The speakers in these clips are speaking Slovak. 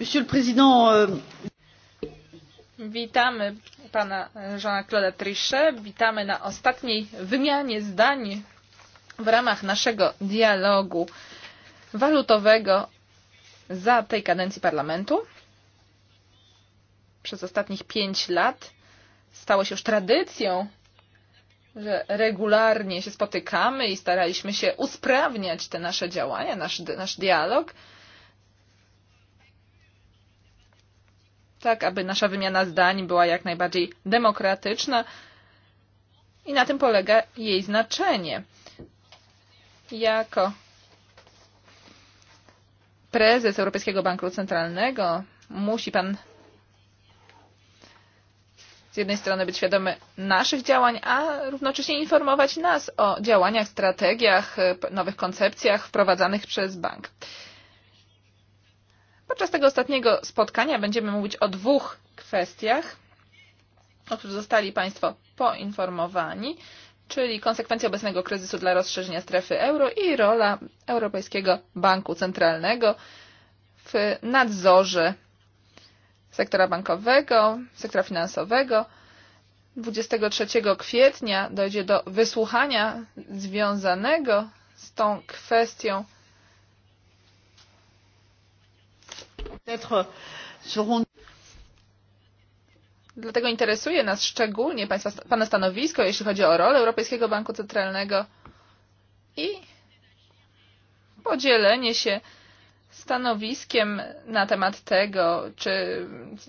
Monsieur le Président, Witamy euh, pana eh, Jean-Claude'a Trichet, witamy na ostatniej wymianie zdań w ramach naszego dialogu walutowego za tej kadencji parlamentu. Przez ostatnich pięć lat stało się już tradycją, że regularnie się spotykamy i staraliśmy się usprawniać te nasze działania, nasz, nasz dialog. tak aby nasza wymiana zdań była jak najbardziej demokratyczna i na tym polega jej znaczenie. Jako prezes Europejskiego Banku Centralnego musi pan z jednej strony być świadomy naszych działań, a równocześnie informować nas o działaniach, strategiach, nowych koncepcjach wprowadzanych przez bank. Podczas tego ostatniego spotkania będziemy mówić o dwóch kwestiach, o których zostali Państwo poinformowani, czyli konsekwencje obecnego kryzysu dla rozszerzenia strefy euro i rola Europejskiego Banku Centralnego w nadzorze sektora bankowego, sektora finansowego. 23 kwietnia dojdzie do wysłuchania związanego z tą kwestią Euh, Dlatego interesuje nas szczególnie państwa, Pana stanowisko, jeśli chodzi o rolę Europejskiego Banku Centralnego i podzielenie się stanowiskiem na temat tego, czy,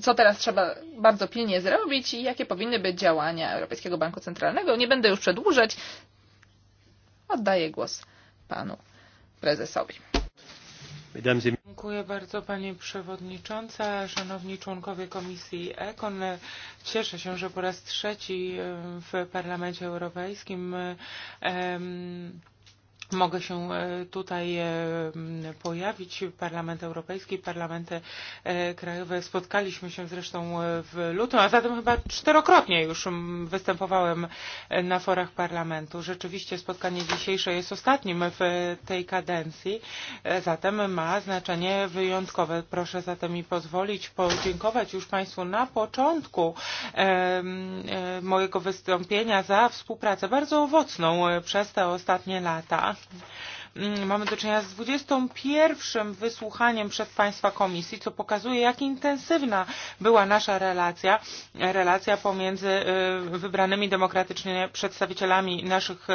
co teraz trzeba bardzo pilnie zrobić i jakie powinny być działania Europejskiego Banku Centralnego. Nie będę już przedłużać. Oddaję głos panu prezesowi. Dziękuję bardzo Pani Przewodnicząca, Szanowni Członkowie Komisji EKON. Cieszę się, że po raz trzeci e, w Parlamencie Europejskim em, mogę się e, tutaj e, pojawić. Parlament Europejski, parlamenty e, krajowe. Spotkaliśmy się zresztą w lutym, a zatem chyba czterokrotnie już występowałem na forach parlamentu. Rzeczywiście spotkanie dzisiejsze jest ostatnim w tej kadencji, zatem ma znaczenie wyjątkowe. Proszę zatem mi pozwolić podziękować już Państwu na początku mojego wystąpienia za współpracę bardzo owocną przez te ostatnie lata Mamy do czynienia z 21 wysłuchaniem przez Państwa Komisji, co pokazuje, jak intensywna była nasza relacja, relacja pomiędzy wybranymi demokratycznie przedstawicielami naszych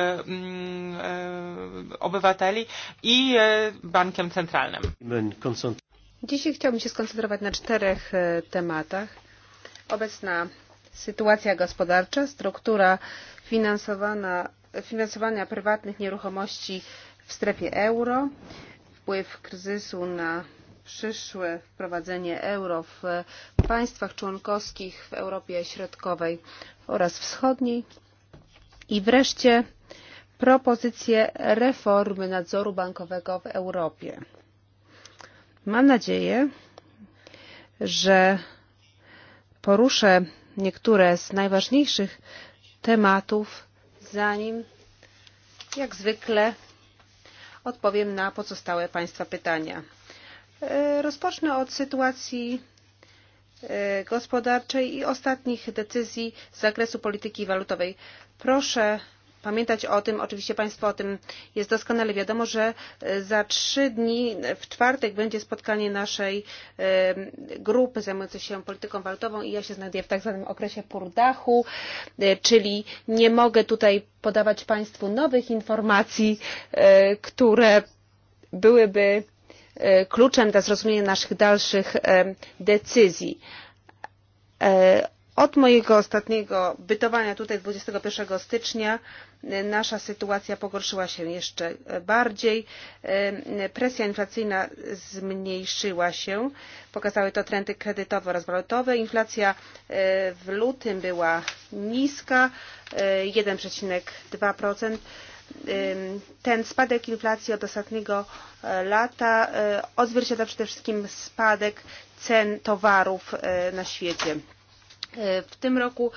obywateli i bankiem centralnym. Dzisiaj chciałbym się skoncentrować na czterech tematach. Obecna sytuacja gospodarcza, struktura finansowana finansowania prywatnych nieruchomości w strefie euro, wpływ kryzysu na przyszłe wprowadzenie euro w państwach członkowskich w Europie Środkowej oraz Wschodniej i wreszcie propozycje reformy nadzoru bankowego w Europie. Mam nadzieję, że poruszę niektóre z najważniejszych tematów zanim jak zwykle odpowiem na pozostałe Państwa pytania. E, rozpocznę od sytuacji e, gospodarczej i ostatnich decyzji z zakresu polityki walutowej. Proszę pamiętać o tym. Oczywiście Państwu o tym jest doskonale wiadomo, że e, za trzy dni e, w czwartek będzie spotkanie naszej e, grupy zajmującej się polityką walutową i ja się znajduję w tak zwanym okresie purdachu, czyli nie mogę tutaj podawać Państwu nowych informacji, które byłyby kluczem do zrozumienia naszych dalszych decyzji od mojego ostatniego eh, bytowania tutaj 21 stycznia eh, nasza sytuacja pogorszyła się jeszcze eh, bardziej. Presja inflacyjna zmniejszyła się. Pokazały to trendy kredytowe oraz walutowe. Inflacja w lutym była niska, 1,2% ten spadek inflacji od ostatniego lata odzwierciedla przede wszystkim spadek cen towarów na świecie. W e, tym roku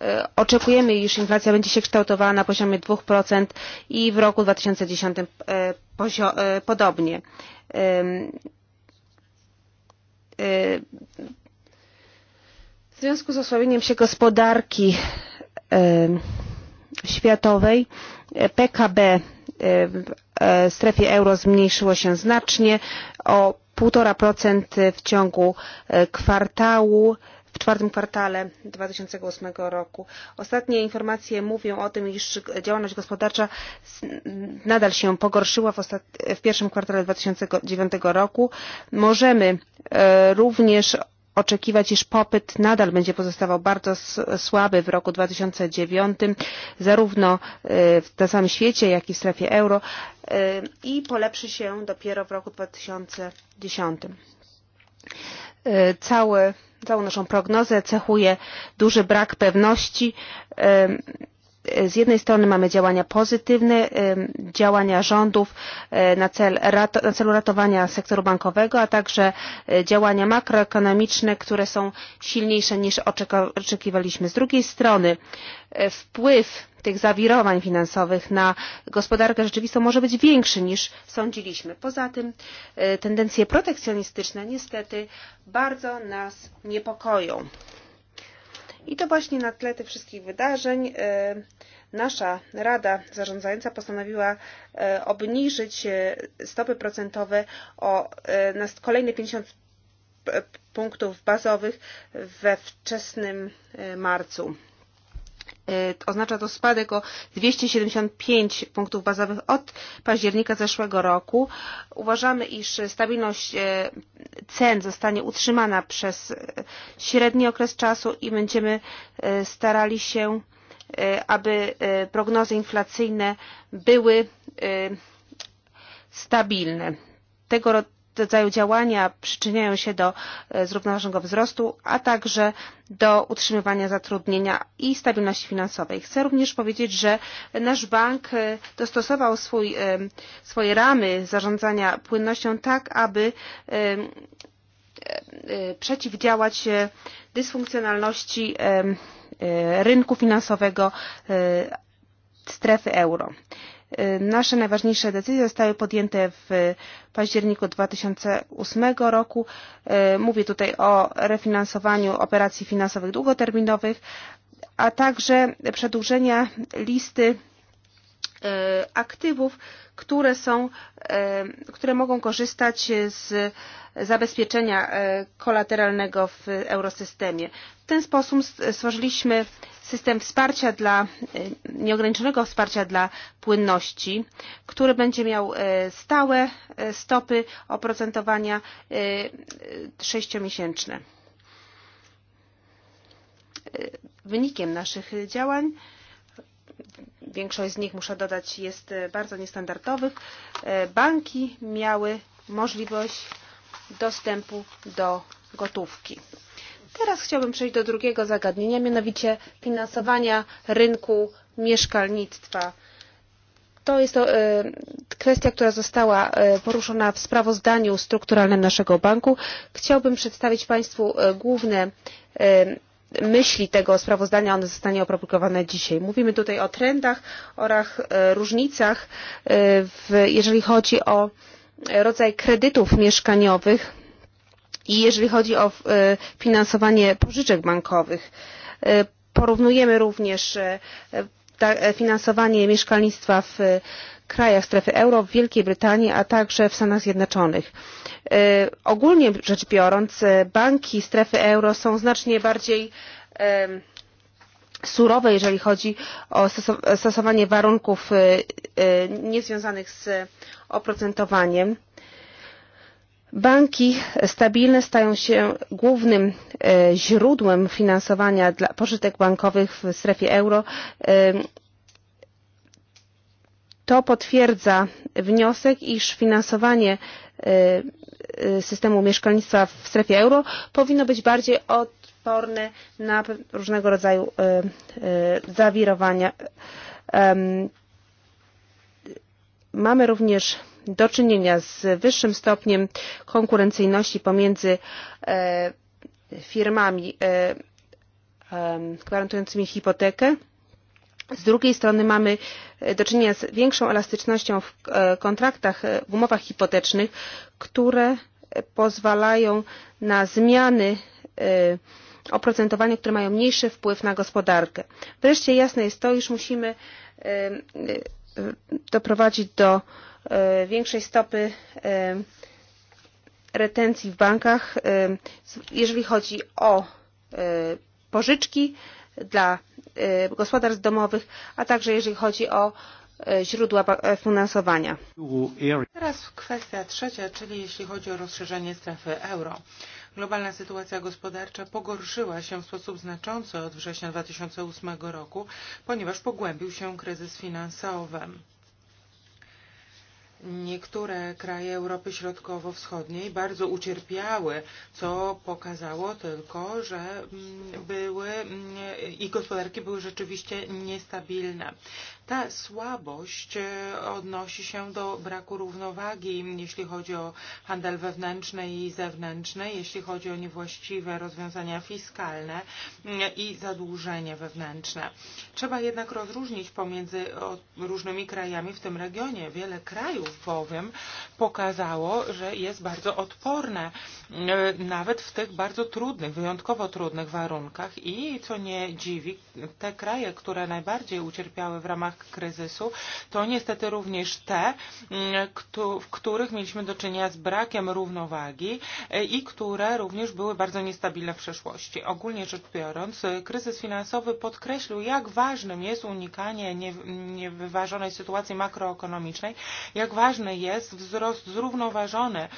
e, oczekujemy, iż inflacja będzie się kształtowała na poziomie 2% i w roku 2010 podobnie. W związku z osłabieniem się gospodarki e, światowej PKB w strefie euro zmniejszyło się znacznie o 1,5% w ciągu kwartału w czwartym kwartale 2008 roku. Ostatnie informacje mówią o tym, iż działalność gospodarcza nadal się pogorszyła w, w pierwszym kwartale 2009 roku. Możemy e, również oczekiwać, iż popyt nadal będzie pozostawał bardzo słaby w roku 2009, zarówno e, w na samym świecie, jak i w strefie euro e, i polepszy się dopiero w roku 2010. Cały całą naszą prognozę cechuje duży brak pewności z jednej strony mamy działania pozytywne, działania rządów e, na, cel, na celu ratowania sektoru bankowego, a także e, działania makroekonomiczne, które są silniejsze niż oczekiwaliśmy. Z drugiej strony e, wpływ tych zawirowań finansowych na gospodarkę rzeczywistą może być większy niż sądziliśmy. Poza tym tendencje protekcjonistyczne niestety bardzo nas niepokoją. I to właśnie na tle tych wszystkich wydarzeń e, nasza Rada Zarządzająca postanowiła e, obniżyć e, stopy procentowe o na kolejne 50 punktów bazowych we wczesnym marcu. E, oznacza to spadek o 275 punktów bazowych od października zeszłego roku. Uważamy, iż stabilność e, cen zostanie utrzymana przez e, średni okres czasu i będziemy starali się, aby prognozy inflacyjne były stabilne. Tego rodzaju działania przyczyniają się do e, zrównoważonego wzrostu, a także do utrzymywania zatrudnienia i stabilności finansowej. Chcę również powiedzieć, że nasz bank e, dostosował swój, e, swoje ramy zarządzania płynnością tak, aby przeciwdziałać dysfunkcjonalności rynku finansowego strefy euro. E, Nasze najważniejsze decyzje zostały podjęte w październiku 2008 roku. E, mówię tutaj o refinansowaniu operacji finansowych długoterminowych, a także przedłużenia listy E, aktywów, które są, e, które mogą korzystać z zabezpieczenia e, kolateralnego w eurosystemie. W ten sposób stworzyliśmy system wsparcia dla, nieograniczonego wsparcia dla płynności, który będzie miał stałe stopy oprocentowania sześciomiesięczne. Wynikiem naszych działań większość z nich, muszę dodać, jest bardzo niestandardowych, e, banki miały możliwość dostępu do gotówki. Teraz chciałbym przejść do drugiego zagadnienia, mianowicie finansowania rynku mieszkalnictwa. To jest to, e, kwestia, która została e, poruszona w sprawozdaniu strukturalnym naszego banku. Chciałbym przedstawić Państwu główne myśli tego sprawozdania ono zostanie opublikowane dzisiaj. Mówimy tutaj o trendach oraz e, różnicach, e, w, jeżeli chodzi o rodzaj kredytów mieszkaniowych i jeżeli chodzi o e, finansowanie pożyczek bankowych. Porównujemy również E, finansowanie mieszkalnictwa w e, krajach strefy euro w wielkiej brytanii a także w stanach zjednoczonych. E, ogólnie rzecz biorąc banki strefy euro są znacznie bardziej surowe jeżeli chodzi o stosowanie warunków niezwiązanych z oprocentowaniem. Banki stabilne stają się głównym e, źródłem finansowania dla pożytek bankowych w strefie euro. E, to potwierdza wniosek, iż finansowanie e, systemu mieszkalnictwa w strefie euro powinno być bardziej odporne na różnego rodzaju zawirowania. Mamy również do czynienia z wyższym stopniem konkurencyjności pomiędzy e, firmami e, gwarantującymi hipotekę z drugiej strony mamy e, do czynienia z większą elastycznością w kontraktach w umowach hipotecznych które pozwalają na zmiany oprocentowania które mają mniejszy wpływ na gospodarkę. wreszcie jasne jest to iż musimy doprowadzić do E, większej stopy e, retencji w bankach, e, jeżeli chodzi o pożyczki dla gospodarstw domowych, a także jeżeli chodzi o źródła finansowania. Teraz kwestia trzecia, czyli jeśli chodzi o rozszerzenie strefy euro. Globalna sytuacja gospodarcza pogorszyła się w sposób znaczący od września 2008 roku, ponieważ pogłębił się kryzys finansowy niektóre kraje Europy Środkowo-Wschodniej bardzo ucierpiały, co pokazało tylko, że mm, były, mm, ich gospodarki były rzeczywiście niestabilne. Ta słabość e, odnosi się do braku równowagi, jeśli chodzi o handel wewnętrzny i zewnętrzny, jeśli chodzi o niewłaściwe rozwiązania fiskalne mm, i zadłużenie wewnętrzne. Trzeba jednak rozróżnić pomiędzy różnymi krajami w tym regionie. Wiele krajów powiem, pokazało, że jest bardzo odporne nawet w tych bardzo trudnych, wyjątkowo trudnych warunkach i co nie dziwi, te kraje, które najbardziej ucierpiały w ramach kryzysu, to niestety również te, mm, w których mieliśmy do czynienia z brakiem równowagi e, i które również były bardzo niestabilne w przeszłości. Ogólnie rzecz biorąc, kryzys finansowy podkreślił, jak ważnym jest unikanie niewyważonej sytuacji makroekonomicznej, jak ważnym ważny jest wzrost zrównoważony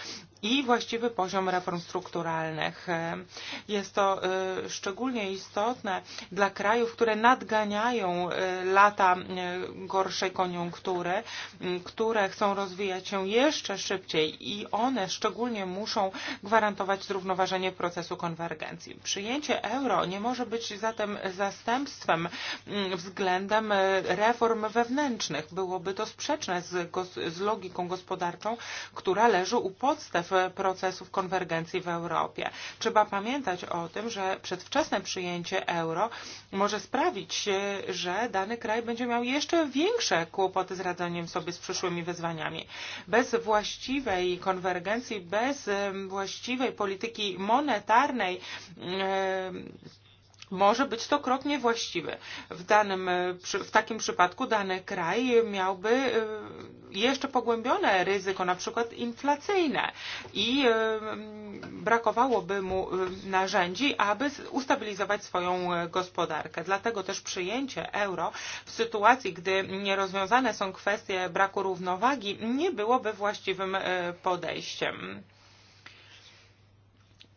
i właściwy poziom reform strukturalnych. Jest to e, szczególnie istotne dla krajów, które nadganiają e, lata e, gorszej koniunktury, które chcą rozwijać się jeszcze szybciej i one szczególnie muszą gwarantować zrównoważenie procesu konwergencji. Przyjęcie euro nie może być zatem zastępstwem względem reform wewnętrznych. Byłoby to sprzeczne z, z logiką gospodarczą, która leży u podstaw procesów konwergencji w Europie. Trzeba pamiętać o tym, że przedwczesne przyjęcie euro może sprawić, że dany kraj będzie miał jeszcze większe kłopoty z radzeniem sobie z przyszłymi wyzwaniami. Bez właściwej konwergencji, bez właściwej polityki monetarnej, może być to krok niewłaściwy. W, danym, w takim przypadku dany kraj miałby e, jeszcze pogłębione ryzyko, na przykład inflacyjne i e, brakowałoby mu e, narzędzi, aby ustabilizować swoją gospodarkę. Dlatego też przyjęcie euro w sytuacji, gdy nierozwiązane są kwestie braku równowagi, nie byłoby właściwym podejściem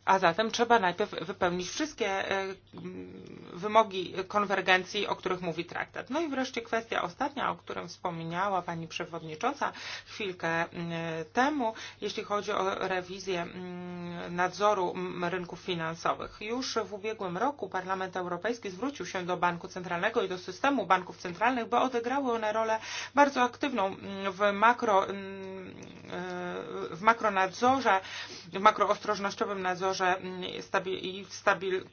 a zatem trzeba najpierw wypełnić wszystkie e, wymogi konwergencji, o których mówi traktat. No i wreszcie kwestia ostatnia, o którym wspomniała pani przewodnicząca chwilkę e, temu, jeśli chodzi o rewizję mm, nadzoru mm, rynków finansowych. Już w ubiegłym roku Parlament Europejski zwrócił się do Banku Centralnego i do systemu banków centralnych, bo odegrały one rolę bardzo aktywną mm, w makro e, w makronadzorze, w makroostrożnościowym nadzorze sektorze stabil, stabil,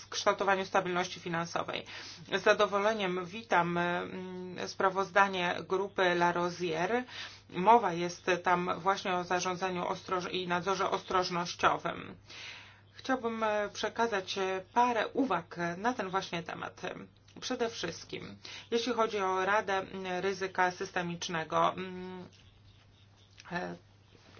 w kształtowaniu stabilności finansowej. Z zadowoleniem witam mm, sprawozdanie grupy La Rosière. Mowa jest tam właśnie o zarządzaniu i nadzorze ostrożnościowym. Chciałbym e, przekazać parę uwag na ten właśnie temat. Przede wszystkim, jeśli chodzi o Radę Ryzyka Systemicznego, mm, e,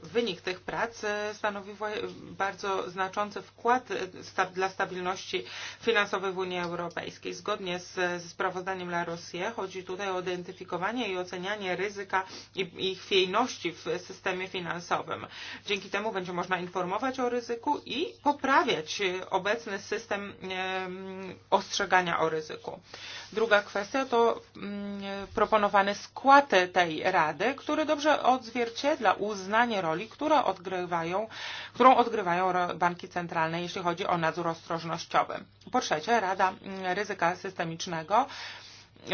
wynik tych prac e, stanowi bardzo znaczący wkład e, dla stabilności finansowej w Unii Europejskiej. Zgodnie z sprawozdaniem La Rosie chodzi tutaj o identyfikowanie i ocenianie ryzyka i ich chwiejności w systemie finansowym. Dzięki temu będzie można informować o ryzyku i poprawiać e, obecny system ostrzegania o ryzyku. Druga kwestia to mm, proponowany skład tej rady, który dobrze odzwierciedla uznanie roli, które odgrywają, którą odgrywają banki centralne, jeśli chodzi o nadzór ostrożnościowy. Po trzecie, Rada Ryzyka Systemicznego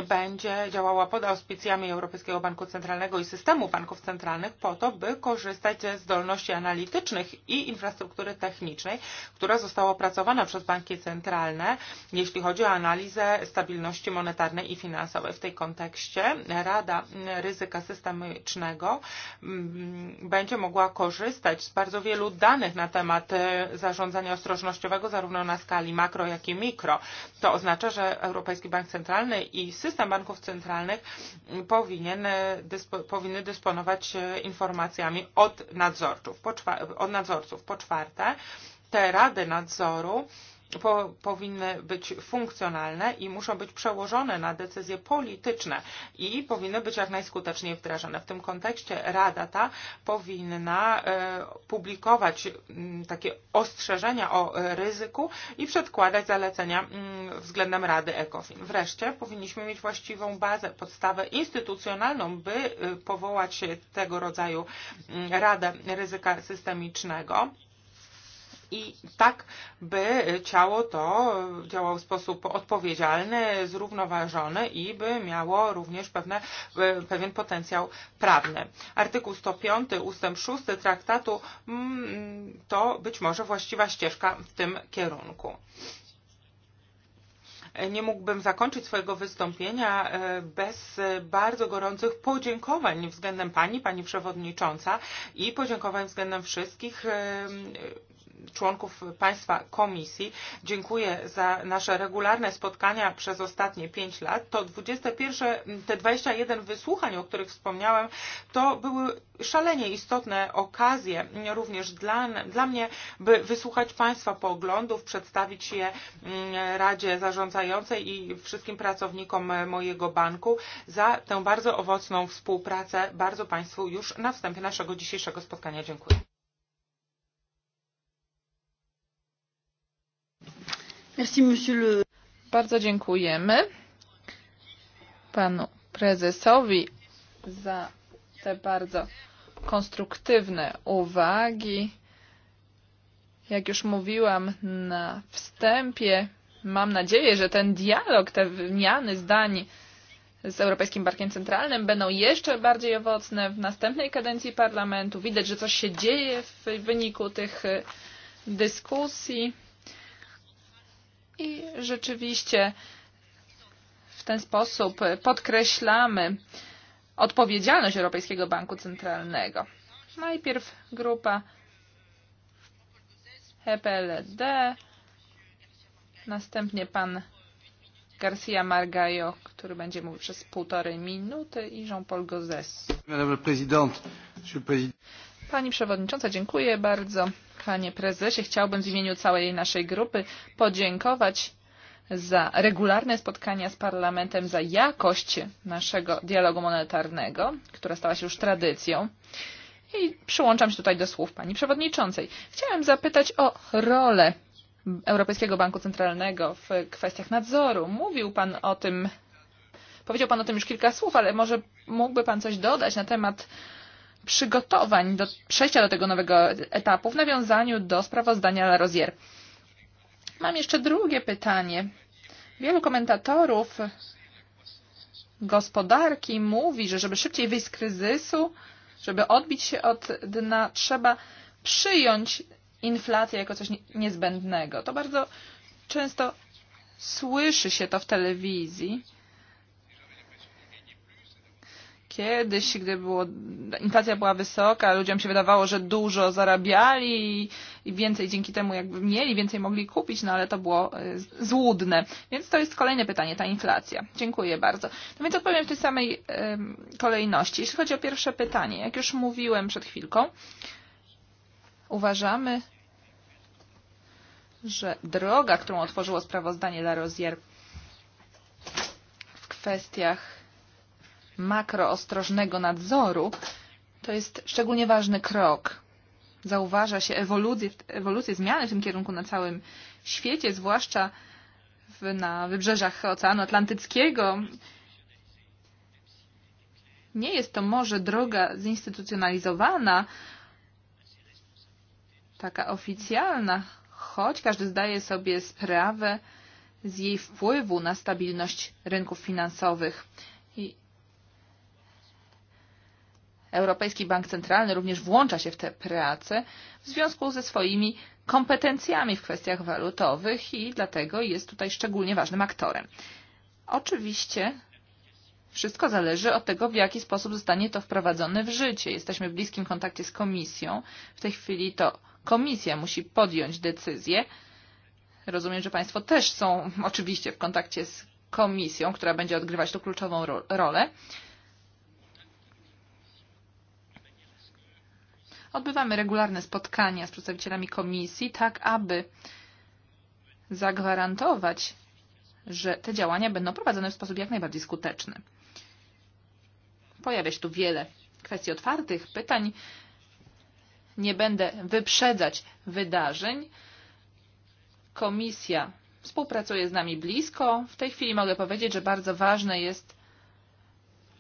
będzie działała pod auspicjami Europejskiego Banku Centralnego i systemu banków centralnych po to, by korzystać ze zdolności analitycznych i infrastruktury technicznej, która została opracowana przez banki centralne, jeśli chodzi o analizę stabilności monetarnej i finansowej. W tej kontekście Rada Ryzyka Systemicznego mm, będzie mogła korzystać z bardzo wielu danych na temat e, zarządzania ostrożnościowego zarówno na skali makro, jak i mikro. To oznacza, że Europejski Bank Centralny i system banków centralnych powinien, eh, dyspo, powinny dysponować eh, informacjami od nadzorców. Po, od nadzorców. Po czwarte, te rady nadzoru po, powinny być funkcjonalne i muszą być przełożone na decyzje polityczne i powinny być jak najskuteczniej wdrażane. W tym kontekście Rada ta powinna e, publikować m, mm, takie ostrzeżenia o e, ryzyku i przedkładać zalecenia m, mm, względem Rady ECOFIN. Wreszcie powinniśmy mieć właściwą bazę, podstawę instytucjonalną, by e, powołać tego rodzaju m, mm, Radę Ryzyka Systemicznego i tak, by ciało to działało w sposób odpowiedzialny, zrównoważony i by miało również pewne, e, pewien potencjał prawny. Artykuł 105 ustęp 6 traktatu mm, to być może właściwa ścieżka w tym kierunku nie mógłbym zakończyć swojego wystąpienia e, bez bardzo gorących podziękowań względem Pani, Pani Przewodnicząca i podziękowań względem wszystkich e, członków Państwa Komisji. Dziękuję za nasze regularne spotkania przez ostatnie pięć lat. To 21, te 21 wysłuchań, o których wspomniałem, to były szalenie istotne okazje również dla, dla mnie, by wysłuchać Państwa poglądów, przedstawić je mm, Radzie Zarządzającej i wszystkim pracownikom mojego banku za tę bardzo owocną współpracę. Bardzo Państwu już na wstępie naszego dzisiejszego spotkania dziękuję. Merci, monsieur le... Bardzo dziękujemy panu prezesowi za te bardzo konstruktywne uwagi. Jak już mówiłam na wstępie, mam nadzieję, że ten dialog, te wymiany zdań z Europejskim Bankiem Centralnym będą jeszcze bardziej owocne w następnej kadencji parlamentu. Widać, że coś się dzieje w wyniku tych dyskusji. I rzeczywiście w ten sposób podkreślamy odpowiedzialność Europejskiego Banku Centralnego. Najpierw grupa EPLD, następnie pan Garcia Margallo, który będzie mówił przez półtorej minuty i Jean-Paul Gozes. Pani Przewodnicząca, dziękuję bardzo. Panie prezesie, chciałbym w imieniu całej naszej grupy podziękować za regularne spotkania z parlamentem, za jakość naszego dialogu monetarnego, która stała się już tradycją. I przyłączam się tutaj do słów pani przewodniczącej. Chciałem zapytać o rolę Europejskiego Banku Centralnego w kwestiach nadzoru. Mówił pan o tym, powiedział pan o tym już kilka słów, ale może mógłby pan coś dodać na temat przygotowań do przejścia do tego nowego etapu w nawiązaniu do sprawozdania Rozier. Mam jeszcze drugie pytanie. Wielu komentatorów gospodarki mówi, że żeby szybciej wyjść z kryzysu, żeby odbić się od dna, trzeba przyjąć inflację jako coś niezbędnego. To bardzo często słyszy się to w telewizji kiedyś, gdy było, inflacja była wysoka, ludziom się wydawało, że dużo zarabiali i więcej dzięki temu jakby mieli, więcej mogli kupić, no ale to było e, złudne. Więc to jest kolejne pytanie, ta inflacja. Dziękuję bardzo. No więc odpowiem w tej samej kolejności. Jeśli chodzi o pierwsze pytanie, jak już mówiłem przed chwilką, uważamy, że droga, którą otworzyło sprawozdanie dla Rozier w kwestiach makroostrożnego nadzoru, to jest szczególnie ważny krok. Zauważa się ewolucję, ewolucję zmiany w tym kierunku na całym świecie, zwłaszcza w, na wybrzeżach Oceanu Atlantyckiego. Nie jest to może droga zinstytucjonalizowana, taka oficjalna, choć każdy zdaje sobie sprawę z jej wpływu na stabilność rynków finansowych. I Europejski Bank Centralny również włącza się w te prace w związku ze swoimi kompetencjami w kwestiach walutowych i dlatego jest tutaj szczególnie ważnym aktorem. Oczywiście wszystko zależy od tego, w jaki sposób zostanie to wprowadzone w życie. Jesteśmy w bliskim kontakcie z komisją. W tej chwili to komisja musi podjąć decyzję. Rozumiem, że Państwo też są oczywiście w kontakcie z komisją, która będzie odgrywać tu kluczową rolę. Odbywamy regularne spotkania z przedstawicielami komisji, tak aby zagwarantować, że te działania będą prowadzone w sposób jak najbardziej skuteczny. Pojawia się tu wiele kwestii otwartych, pytań. Nie będę wyprzedzać wydarzeń. Komisja współpracuje z nami blisko. W tej chwili mogę powiedzieć, że bardzo ważne jest,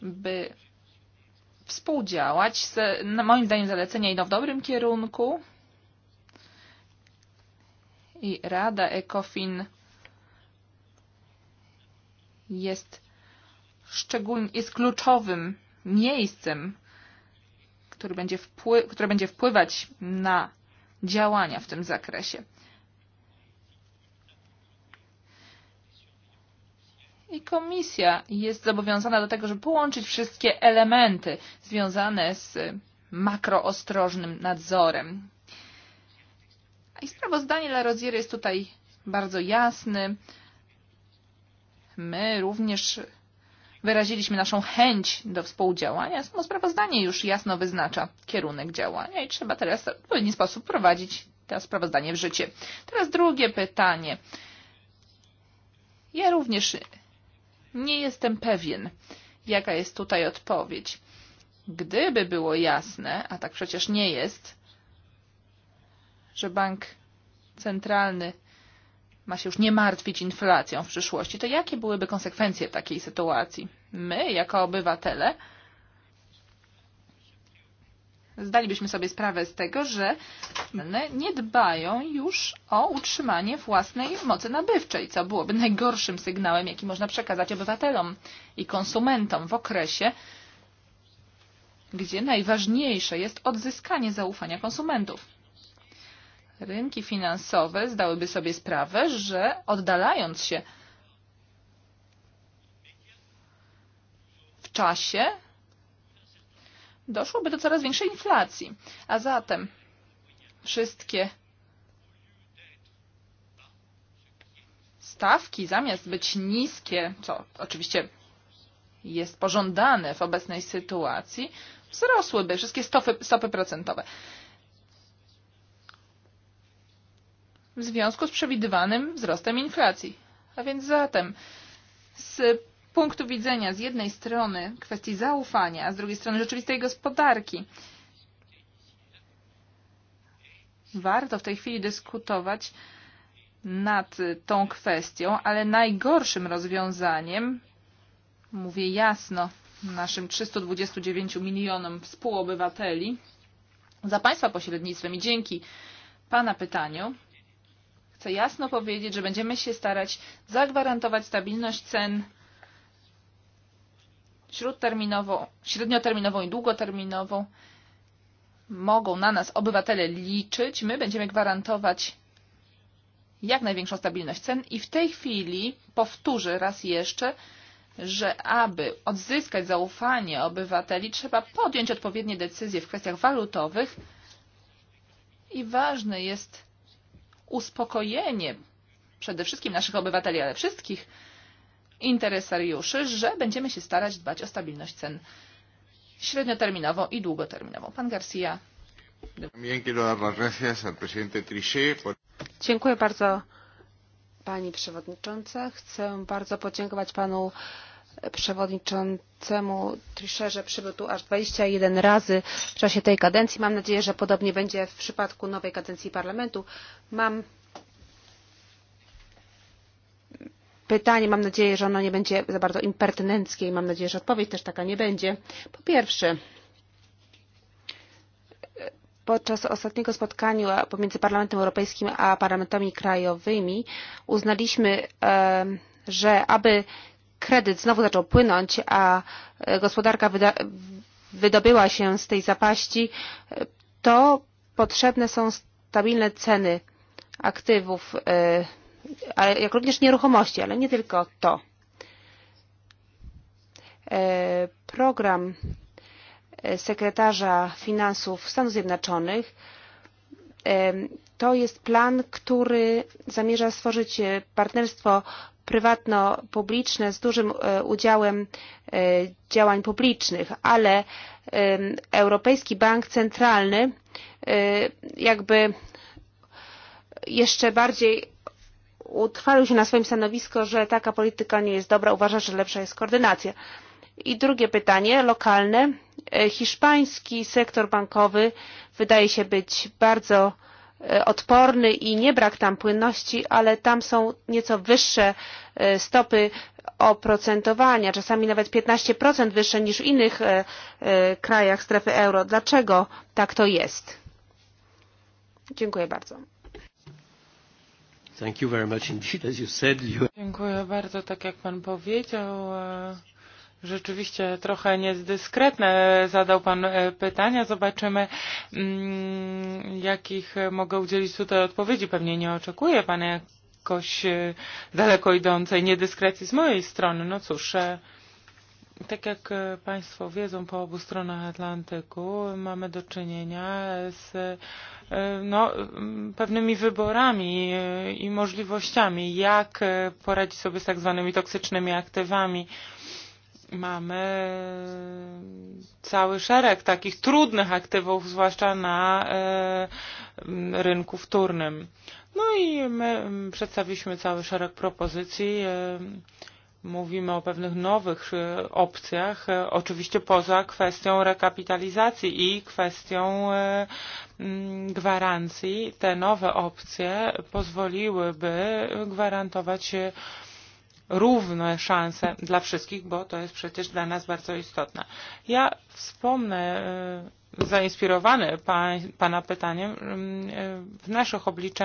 by współdziałać. moim zdaniem zalecenia idą w dobrym kierunku. I Rada ECOFIN jest szczególnie, jest kluczowym miejscem, który będzie wpły, które będzie wpływać na działania w tym zakresie. I komisja jest zobowiązana do tego, żeby połączyć wszystkie elementy związane z makroostrożnym nadzorem. I sprawozdanie La Rozier jest tutaj bardzo jasne. My również wyraziliśmy naszą chęć do współdziałania. Samo sprawozdanie już jasno wyznacza kierunek działania i trzeba teraz w odpowiedni sposób prowadzić to sprawozdanie w życie. Teraz drugie pytanie. Ja również nie jestem pewien, jaka jest tutaj odpowiedź. Gdyby było jasne, a tak przecież nie jest, że bank centralny ma się już nie martwić inflacją w przyszłości, to jakie byłyby konsekwencje takiej sytuacji? My, jako obywatele, zdalibyśmy sobie sprawę z tego, że one nie dbają już o utrzymanie własnej mocy nabywczej, co byłoby najgorszym sygnałem, jaki można przekazać obywatelom i konsumentom w okresie, gdzie najważniejsze jest odzyskanie zaufania konsumentów. Rynki finansowe zdałyby sobie sprawę, że oddalając się w czasie, doszłoby do coraz większej inflacji. A zatem wszystkie stawki zamiast być niskie, co oczywiście jest pożądane w obecnej sytuacji, wzrosłyby wszystkie stopy, stopy procentowe. W związku z przewidywanym wzrostem inflacji. A więc zatem z punktu widzenia z jednej strony kwestii zaufania, a z drugiej strony rzeczywistej gospodarki, warto w tej chwili dyskutować nad tą kwestią, ale najgorszym rozwiązaniem, mówię jasno naszym 329 milionom współobywateli, za Państwa pośrednictwem i dzięki Pana pytaniu chcę jasno powiedzieć, że będziemy się starać zagwarantować stabilność cen śródterminowo, średnioterminową i długoterminową mogą na nas obywatele liczyć. My będziemy gwarantować jak największą stabilność cen i w tej chwili powtórzę raz jeszcze, że aby odzyskać zaufanie obywateli, trzeba podjąć odpowiednie decyzje w kwestiach walutowych i ważne jest uspokojenie przede wszystkim naszych obywateli, ale wszystkich interesariuszy, że będziemy się starać dbać o stabilność cen średnioterminową i długoterminową. Pan Garcia. Dziękuję bardzo Pani Przewodnicząca. Chcę bardzo podziękować Panu Przewodniczącemu Trichet, że przybył tu aż 21 razy w czasie tej kadencji. Mam nadzieję, że podobnie będzie w przypadku nowej kadencji Parlamentu. Mam pytanie. Mam nadzieję, że ono nie będzie za bardzo impertynenckie i mam nadzieję, że odpowiedź też taka nie będzie. Po pierwsze, podczas ostatniego spotkania pomiędzy Parlamentem Europejskim a parlamentami krajowymi uznaliśmy, e, że aby kredyt znowu zaczął płynąć, a e, gospodarka wydobyła się z tej zapaści, to potrzebne są stabilne ceny aktywów e, ale jak również nieruchomości, ale nie tylko to. E, program e, sekretarza finansów Stanów Zjednoczonych e, to jest plan, który zamierza stworzyć partnerstwo prywatno-publiczne z dużym udziałem działań publicznych, ale Europejski Bank Centralny jakby jeszcze bardziej utrwalił się na swoim stanowisku, że taka polityka nie jest dobra, uważa, że lepsza jest koordynacja. I drugie pytanie, lokalne. E, hiszpański sektor bankowy wydaje się być bardzo e, odporny i nie brak tam płynności, ale tam są nieco wyższe e, stopy oprocentowania, czasami nawet 15% wyższe niż w innych krajach strefy euro. Dlaczego tak to jest? Dziękuję bardzo. Thank you very much indeed. As you said, you... Dziękuję bardzo. Tak jak pan powiedział, e, Rzeczywiście trochę niedyskretne zadał Pan e, pytania. Zobaczymy, mm, jakich mogę udzielić tutaj odpowiedzi. Pewnie nie oczekuje Pan jakoś e, daleko idącej niedyskrecji z mojej strony. No cóż, tak jak e, Państwo wiedzą, po obu stronach Atlantyku mamy do czynienia z e, no, pewnymi wyborami e, i możliwościami, jak poradzić sobie z tak zwanymi toksycznymi aktywami. Mamy cały szereg takich trudnych aktywów, zwłaszcza na rynku wtórnym. No i my przedstawiliśmy cały szereg propozycji mówimy o pewnych nowych e, opcjach, oczywiście poza kwestią rekapitalizacji i kwestią e, gwarancji. Te nowe opcje pozwoliłyby gwarantować e, równe szanse dla wszystkich, bo to jest przecież dla nas bardzo istotne. Ja wspomnę zainspirowany Pana pytaniem, w naszych,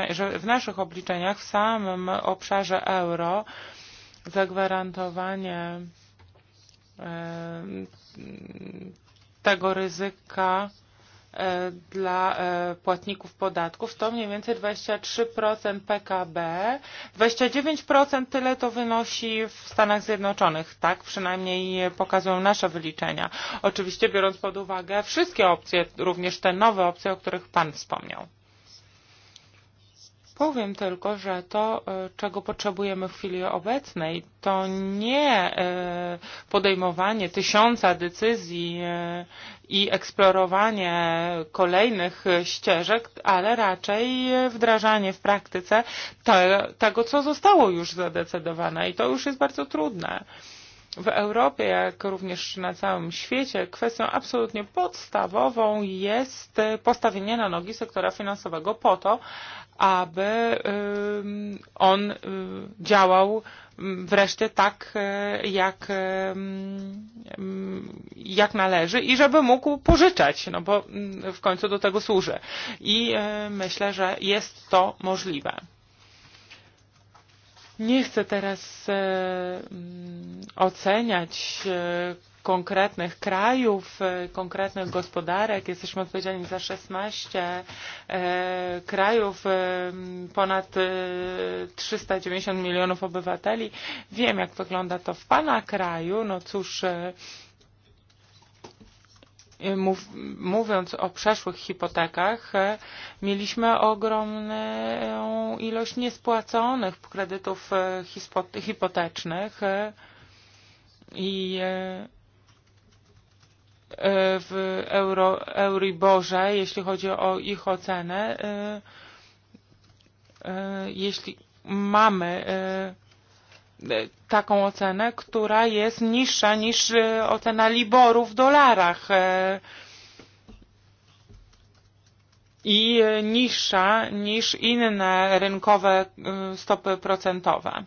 że w naszych obliczeniach w samym obszarze euro zagwarantowanie tego ryzyka e, dla e, płatników podatków to mniej więcej 23% PKB, 29% tyle to wynosi w Stanach Zjednoczonych. Tak przynajmniej pokazują nasze wyliczenia. Oczywiście biorąc pod uwagę wszystkie opcje, również te nowe opcje, o których Pan wspomniał. Powiem tylko, że to, e, czego potrzebujemy w chwili obecnej, to nie e, podejmowanie tysiąca decyzji e, i eksplorowanie kolejnych ścieżek, ale raczej wdrażanie w praktyce tego, co zostało już zadecydowane i to już jest bardzo trudne w Europie, jak również na całym świecie, kwestią absolutnie podstawową jest postawienie na nogi sektora finansowego po to, aby on działał wreszcie tak, jak, jak należy i żeby mógł pożyczać, no bo w końcu do tego służy. I myślę, że jest to możliwe. Nechce teraz e, mm, oceniać e, konkretnych krajów, e, konkretnych gospodarek. Jesteśmy odpowiedzialni za 16 e, krajów, e, e mm, ponad e, 390 milionów obywateli. Wiem, jak wygląda to w Pana kraju. No cóż, e, mów, mówiąc o przeszłych hipotekach, mieliśmy ogromną ilość niespłaconych kredytów e, hipotecznych i e, e, w euro, Euriborze, jeśli chodzi o ich ocenę, jeśli mamy taką ocenę, która jest niższa niż e, ocena Liboru w dolarach e, i e, niższa niż inne rynkowe stopy procentowe.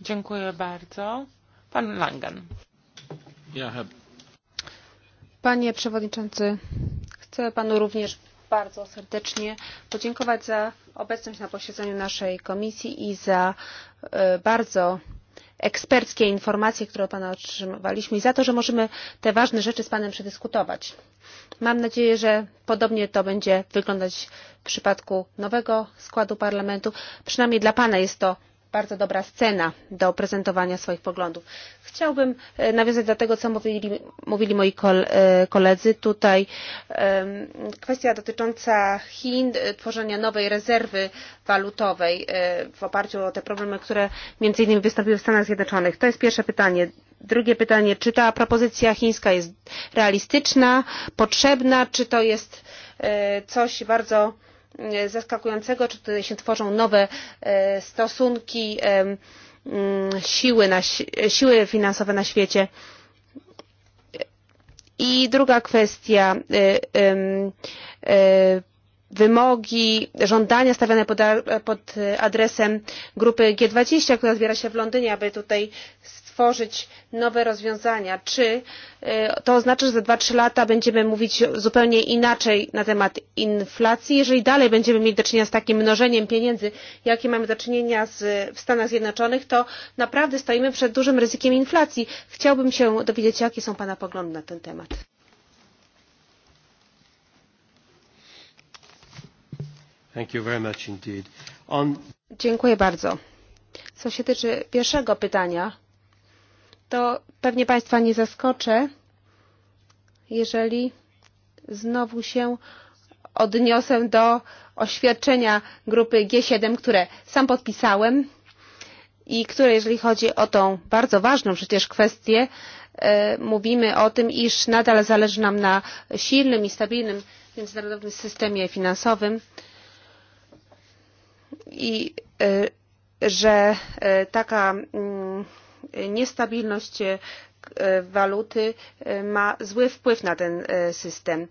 Dziękuję bardzo. Pan Langen. Panie Przewodniczący, chcę Panu również bardzo serdecznie podziękować za obecność na posiedzeniu naszej komisji i za e, bardzo eksperckie informacje, które od Pana otrzymywaliśmy i za to, że możemy te ważne rzeczy z Panem przedyskutować. Mam nadzieję, że podobnie to będzie wyglądać w przypadku nowego składu parlamentu. Przynajmniej dla Pana jest to bardzo dobra scena do prezentowania swoich poglądów. Chciałbym e, nawiązać do tego, co mówili, mówili moi e, koledzy. Tutaj kwestia dotycząca Chin, e, tworzenia nowej rezerwy walutowej w oparciu o te problemy, które między innymi wystąpiły w Stanach Zjednoczonych. To jest pierwsze pytanie. Drugie pytanie, czy ta propozycja chińska jest realistyczna, potrzebna, czy to jest coś bardzo E, zaskakującego czy tutaj się tworzą nowe e, stosunki e, siły, na, siły finansowe na świecie. I druga kwestia wymogi, żądania stawiane pod, pod adresem grupy G20, która zbiera się w Londynie, aby tutaj tworzyć nowe rozwiązania czy e, to oznacza że za dwa trzy lata będziemy mówić zupełnie inaczej na temat inflacji jeżeli dalej będziemy mieli do czynienia z takim mnożeniem pieniędzy jakie mamy do czynienia z, w stanach zjednoczonych to naprawdę stoimy przed dużym ryzykiem inflacji. chciałbym się dowiedzieć jakie są pana poglądy na ten temat. On... Dziękuję bardzo. Co się tyczy pierwszego pytania, to pewnie Państwa nie zaskoczę, jeżeli znowu się odniosę do oświadczenia grupy G7, które sam podpisałem i które, jeżeli chodzi o tą bardzo ważną przecież kwestię, e, mówimy o tym, iż nadal zależy nam na silnym i stabilnym międzynarodowym systemie finansowym i e, że e, taka mm, Niestabilność waluty e, e, ma zły wpływ na ten e, system.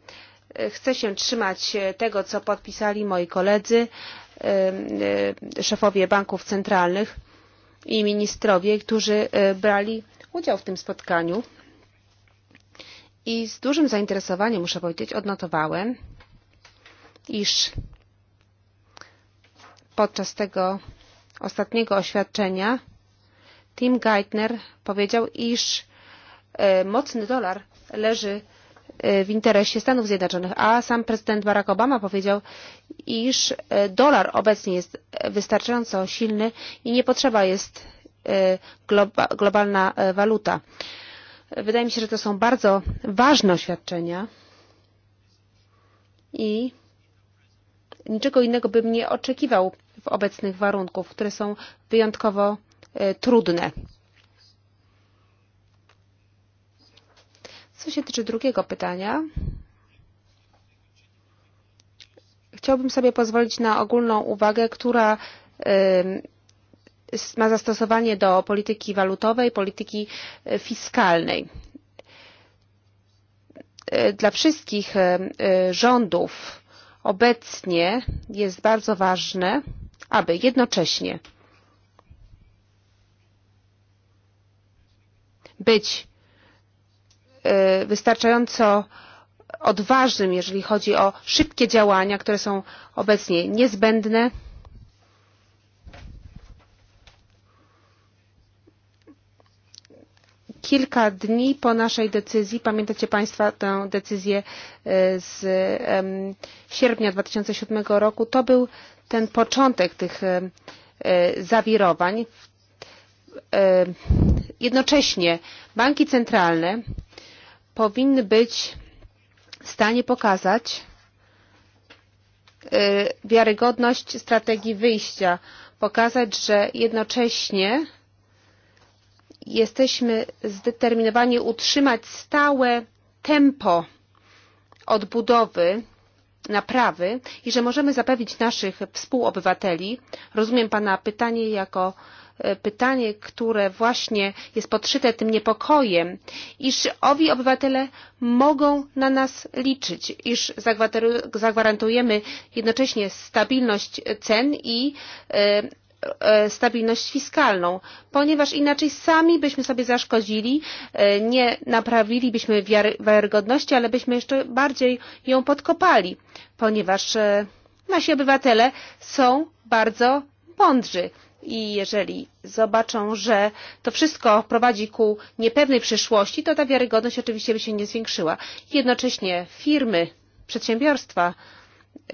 Chcę się trzymać tego, co podpisali moi koledzy, szefowie banków centralnych i ministrowie, którzy brali udział w tym spotkaniu. I z dużym zainteresowaniem, muszę powiedzieć, odnotowałem, iż podczas tego ostatniego oświadczenia Tim Geithner powiedział, iż e, mocny dolar leży e, w interesie Stanów Zjednoczonych, a sam prezydent Barack Obama powiedział, iż e, dolar obecnie jest wystarczająco silny i nie potrzeba jest globa, globalna waluta. Wydaje mi się, że to są bardzo ważne oświadczenia i niczego innego bym nie oczekiwał w obecnych warunkach, które są wyjątkowo E, trudne. Co się tyczy drugiego pytania, chciałbym sobie pozwolić na ogólną uwagę, która ma zastosowanie do polityki walutowej, polityki e, fiskalnej. E, dla wszystkich rządów obecnie jest bardzo ważne, aby jednocześnie być e, wystarczająco odważnym, jeżeli chodzi o szybkie działania, które są obecnie niezbędne. Kilka dni po naszej decyzji, pamiętacie Państwo tę decyzję e, z sierpnia 2007 roku, to był ten początek tych e, zawirowań. Jednocześnie banki centralne powinny być w stanie pokazać e, wiarygodność strategii wyjścia, pokazać, że jednocześnie jesteśmy zdeterminowani utrzymać stałe tempo odbudowy, naprawy i że możemy zapewnić naszych współobywateli, rozumiem Pana pytanie jako pytanie, które właśnie jest podszyte tym niepokojem, iż owi obywatele mogą na nas liczyć, iż zagwarantujemy jednocześnie stabilność cen i e, e, stabilność fiskalną, ponieważ inaczej sami byśmy sobie zaszkodzili, e, nie naprawilibyśmy wiarygodności, ale byśmy jeszcze bardziej ją podkopali, ponieważ nasi obywatele są bardzo mądrzy i jeżeli zobaczą, że to wszystko prowadzi ku niepewnej przyszłości, to ta wiarygodność oczywiście by się nie zwiększyła. Jednocześnie firmy, przedsiębiorstwa,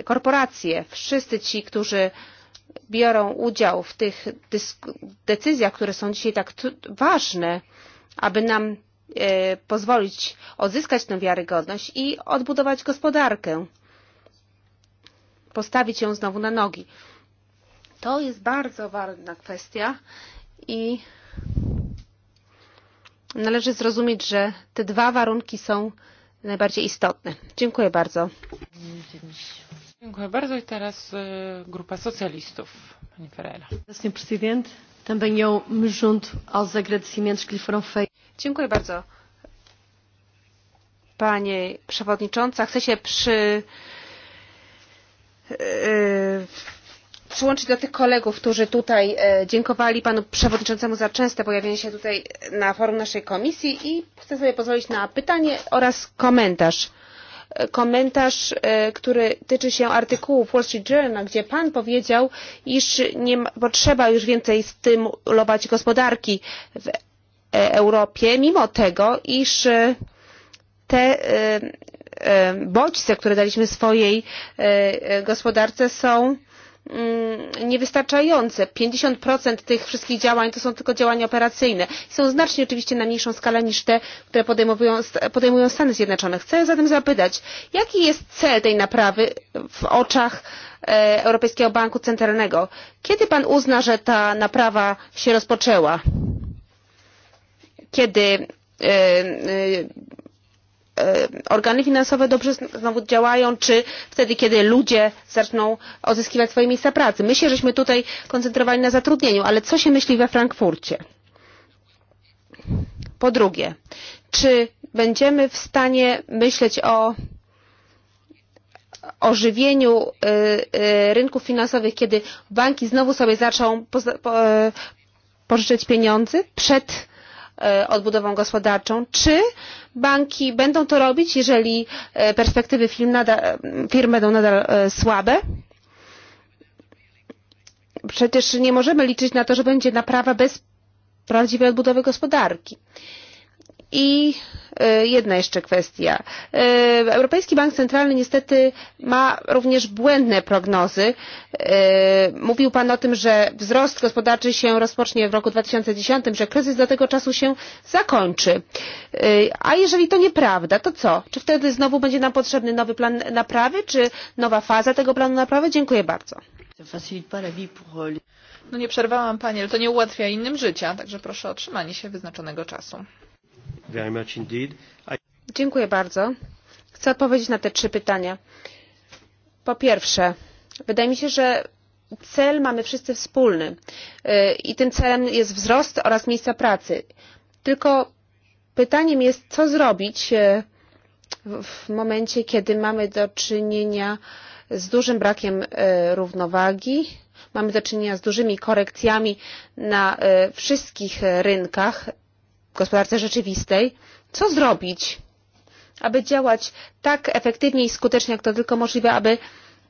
korporacje, wszyscy ci, którzy biorą udział w tych decyzjach, które są dzisiaj tak ważne, aby nam e, pozwolić odzyskać tę wiarygodność i odbudować gospodarkę, postawić ją znowu na nogi. To jest bardzo ważna kwestia i należy zrozumieć, że te dwa warunki są najbardziej istotne. Dziękuję bardzo. Dziękuję bardzo i teraz grupa socjalistów. Pani Ferreira. Senhor Presidente, também eu me junto aos agradecimentos que lhe foram Dziękuję bardzo. Pani Przewodnicząca, chcę się przy, yy, przyłączyć do tych kolegów, którzy tutaj e, dziękowali panu przewodniczącemu za częste pojawienie się tutaj na forum naszej komisji i chcę sobie pozwolić na pytanie oraz komentarz. E, komentarz, e, który tyczy się artykułu w Wall Street Journal, gdzie pan powiedział, iż nie potrzeba już więcej stymulować gospodarki w Europie, mimo tego, iż te bodźce, które daliśmy swojej gospodarce są Mm, niewystarczające. 50% tych wszystkich działań to są tylko działania operacyjne. Są znacznie oczywiście na mniejszą skalę niż te, które podejmują, podejmują Stany Zjednoczone. Chcę zatem zapytać, jaki jest cel tej naprawy w oczach e, Europejskiego Banku Centralnego? Kiedy pan uzna, że ta naprawa się rozpoczęła? Kiedy e, e, E, organy finansowe dobrze znowu działają, czy wtedy, kiedy ludzie zaczną odzyskiwać swoje miejsca pracy. My się żeśmy tutaj koncentrowali na zatrudnieniu, ale co się myśli we Frankfurcie? Po drugie, czy będziemy w stanie myśleć o ożywieniu e, e, rynków finansowych, kiedy banki znowu sobie zaczą pożyczać pieniądze przed E, odbudową gospodarczą? Czy banki będą to robić, jeżeli e, perspektywy firm, nadal, firm będą nadal e, słabe? Przecież nie możemy liczyć na to, że będzie naprawa bez prawdziwej odbudowy gospodarki. Yy, i e, jedna jeszcze kwestia. Europejski Bank Centralny niestety ma również błędne prognozy. E, mówił Pan o tym, że wzrost gospodarczy się rozpocznie w roku 2010, że kryzys do tego czasu się zakończy. E, a jeżeli to nieprawda, to co? Czy wtedy znowu będzie nam potrzebny nowy plan naprawy, czy nowa faza tego planu naprawy? Dziękuję bardzo. Euh, no nie przerwałam Pani, ale to nie ułatwia innym życia, także proszę o trzymanie się wyznaczonego czasu. Dziękuję bardzo. Chcę odpowiedzieć na te trzy pytania. Po pierwsze, wydaje mi się, że cel mamy wszyscy wspólny i tym celem jest wzrost oraz miejsca pracy. Tylko pytaniem jest, co zrobić w momencie, kiedy mamy do czynienia z dużym brakiem równowagi, mamy do czynienia z dużymi korekcjami na wszystkich rynkach gospodarce rzeczywistej, co zrobić, aby działać tak efektywnie i skutecznie, jak to tylko możliwe, aby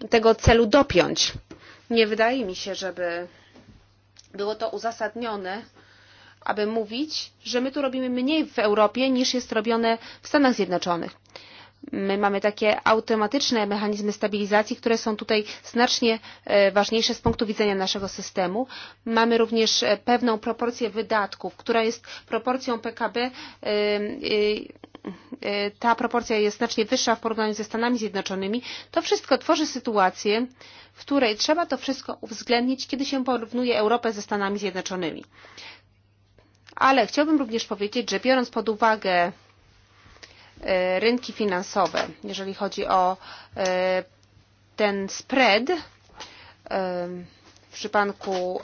tego celu dopiąć. Nie wydaje mi się, żeby było to uzasadnione, aby mówić, że my tu robimy mniej w Europie niż jest robione w Stanach Zjednoczonych my mamy takie automatyczne mechanizmy stabilizacji, które są tutaj znacznie e, ważniejsze z punktu widzenia naszego systemu. Mamy również e, pewną proporcję wydatków, która jest proporcją PKB. E, ta proporcja jest znacznie wyższa w porównaniu ze Stanami Zjednoczonymi. To wszystko tworzy sytuację, w której trzeba to wszystko uwzględnić, kiedy się porównuje Europę ze Stanami Zjednoczonymi. Ale chciałbym również powiedzieć, że biorąc pod uwagę E, rynki finansowe. Jeżeli chodzi o e, ten spread, e, w przypadku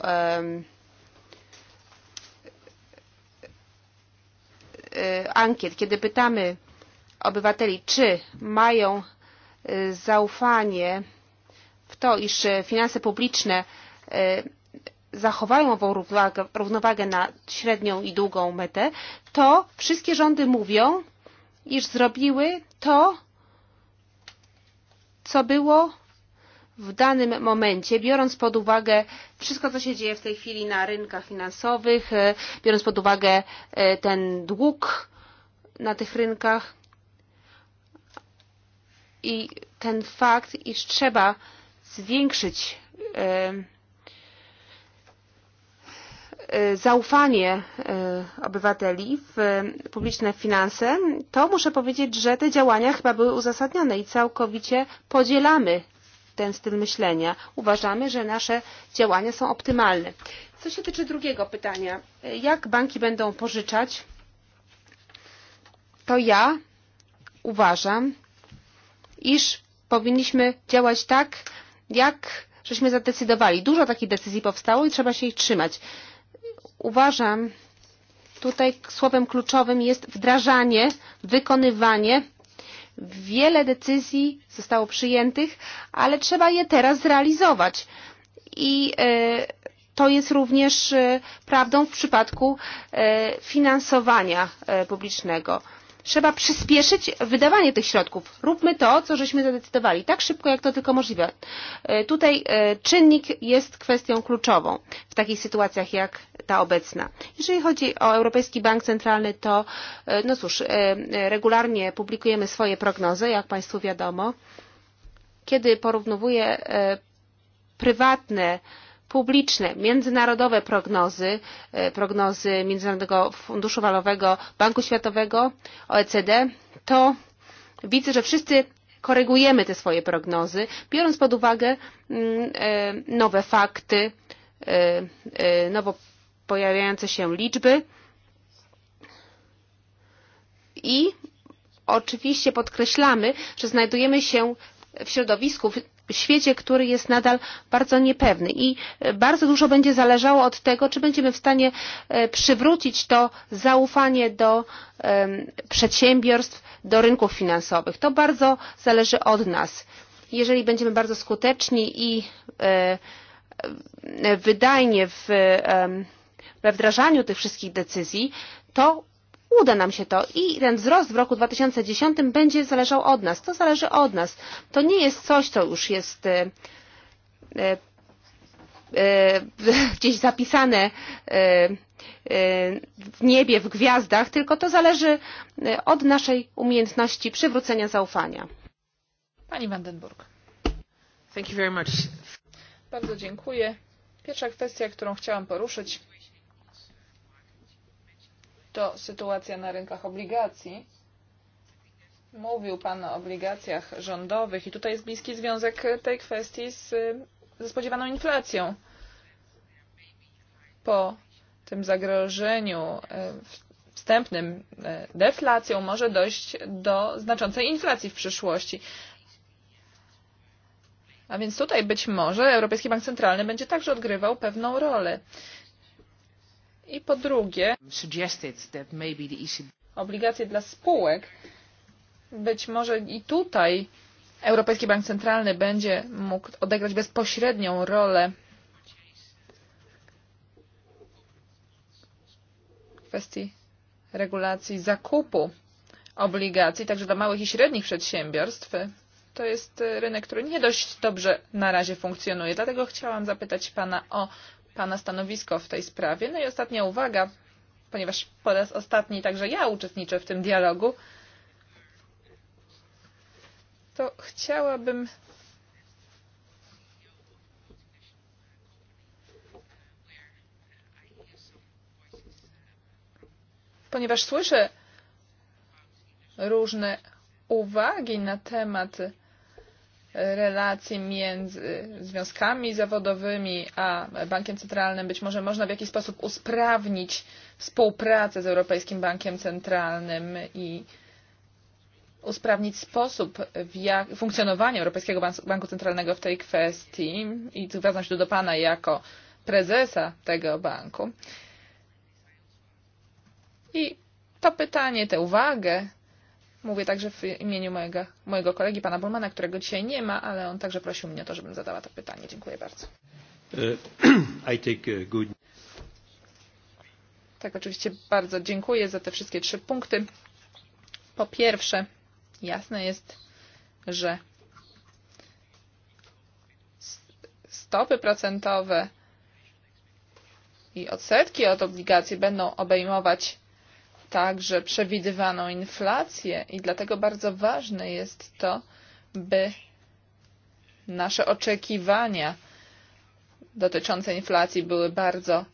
ankiet, kiedy pytamy obywateli, czy mają zaufanie w to, iż finanse publiczne zachowają ową równowagę na średnią i długą metę, to wszystkie rządy mówią, iż zrobiły to, co było w danym momencie, biorąc pod uwagę wszystko, co się dzieje w tej chwili na rynkach finansowych, e, biorąc pod uwagę e, ten dług na tych rynkach i ten fakt, iż trzeba zwiększyć e, E, zaufanie e, obywateli w e, publiczne finanse, to muszę powiedzieć, że te działania chyba były uzasadnione i całkowicie podzielamy ten styl myślenia. Uważamy, że nasze działania są optymalne. Co się tyczy drugiego pytania, jak banki będą pożyczać, to ja uważam, iż powinniśmy działać tak, jak żeśmy zadecydowali. Dużo takich decyzji powstało i trzeba się ich trzymać uważam, tutaj słowem kluczowym jest wdrażanie, wykonywanie. Wiele decyzji zostało przyjętych, ale trzeba je teraz zrealizować. I e, to jest również e, prawdą w przypadku e, finansowania publicznego trzeba przyspieszyć wydawanie tych środków. Róbmy to, co żeśmy zadecydowali, tak szybko, jak to tylko możliwe. E, tutaj e, czynnik jest kwestią kluczową w takich sytuacjach jak ta obecna. Jeżeli chodzi o Europejski Bank Centralny, to e, no cóż, regularnie publikujemy swoje prognozy, jak Państwu wiadomo. Kiedy porównywuję prywatne publiczne, międzynarodowe prognozy, e, prognozy Międzynarodowego Funduszu Walowego, Banku Światowego, OECD, to widzę, że wszyscy korygujemy te swoje prognozy, biorąc pod uwagę mm, e, nowe fakty, e, nowo pojawiające się liczby i oczywiście podkreślamy, że znajdujemy się w środowisku, świecie, który jest nadal bardzo niepewny i e, bardzo dużo będzie zależało od tego, czy będziemy w stanie e, przywrócić to zaufanie do przedsiębiorstw, do rynków finansowych. To bardzo zależy od nas. Jeżeli będziemy bardzo skuteczni i e, wydajnie w we wdrażaniu tych wszystkich decyzji, to Uda nam się to i ten wzrost w roku 2010 będzie zależał od nas. To zależy od nas. To nie jest coś, co już jest e, e, e gdzieś zapisane e, e, w niebie, w gwiazdach, tylko to zależy od naszej umiejętności przywrócenia zaufania. Pani Vandenburg. Thank you very much. Bardzo dziękuję. Pierwsza kwestia, którą chciałam poruszyć, to sytuacja na rynkach obligacji. Mówił Pan o obligacjach rządowych i tutaj jest bliski związek tej kwestii z, ze spodziewaną inflacją. Po tym zagrożeniu e, wstępnym e, deflacją może dojść do znaczącej inflacji w przyszłości. A więc tutaj być może Europejski Bank Centralny będzie także odgrywał pewną rolę. I po drugie, e obligacje dla spółek. Być może i tutaj Europejski Bank Centralny będzie mógł odegrać bezpośrednią rolę w kwestii regulacji zakupu obligacji, także dla małych i średnich przedsiębiorstw. To jest e, rynek, który nie dość dobrze na razie funkcjonuje. Dlatego chciałam zapytać Pana o Pana stanowisko w tej sprawie. No i ostatnia uwaga, ponieważ po raz ostatni także ja uczestniczę w tym dialogu, to chciałabym ponieważ słyszę różne uwagi na temat relacji między związkami zawodowymi a Bankiem Centralnym. Być może można w jakiś sposób usprawnić współpracę z Europejskim Bankiem Centralnym i usprawnić sposób w jak, funkcjonowania Europejskiego Banku Centralnego w tej kwestii i zwracam się do Pana jako prezesa tego banku. I to pytanie, tę uwagę Mówię także w imieniu mojego, mojego kolegi, pana Bulmana, którego dzisiaj nie ma, ale on także prosił mnie o to, żebym zadała to pytanie. Dziękuję bardzo. E, I take e, good... Tak, oczywiście bardzo dziękuję za te wszystkie trzy punkty. Po pierwsze, jasne jest, że stopy procentowe i odsetki od obligacji będą obejmować także przewidywano inflację i dlatego bardzo ważne jest to, by nasze oczekiwania dotyczące inflacji były bardzo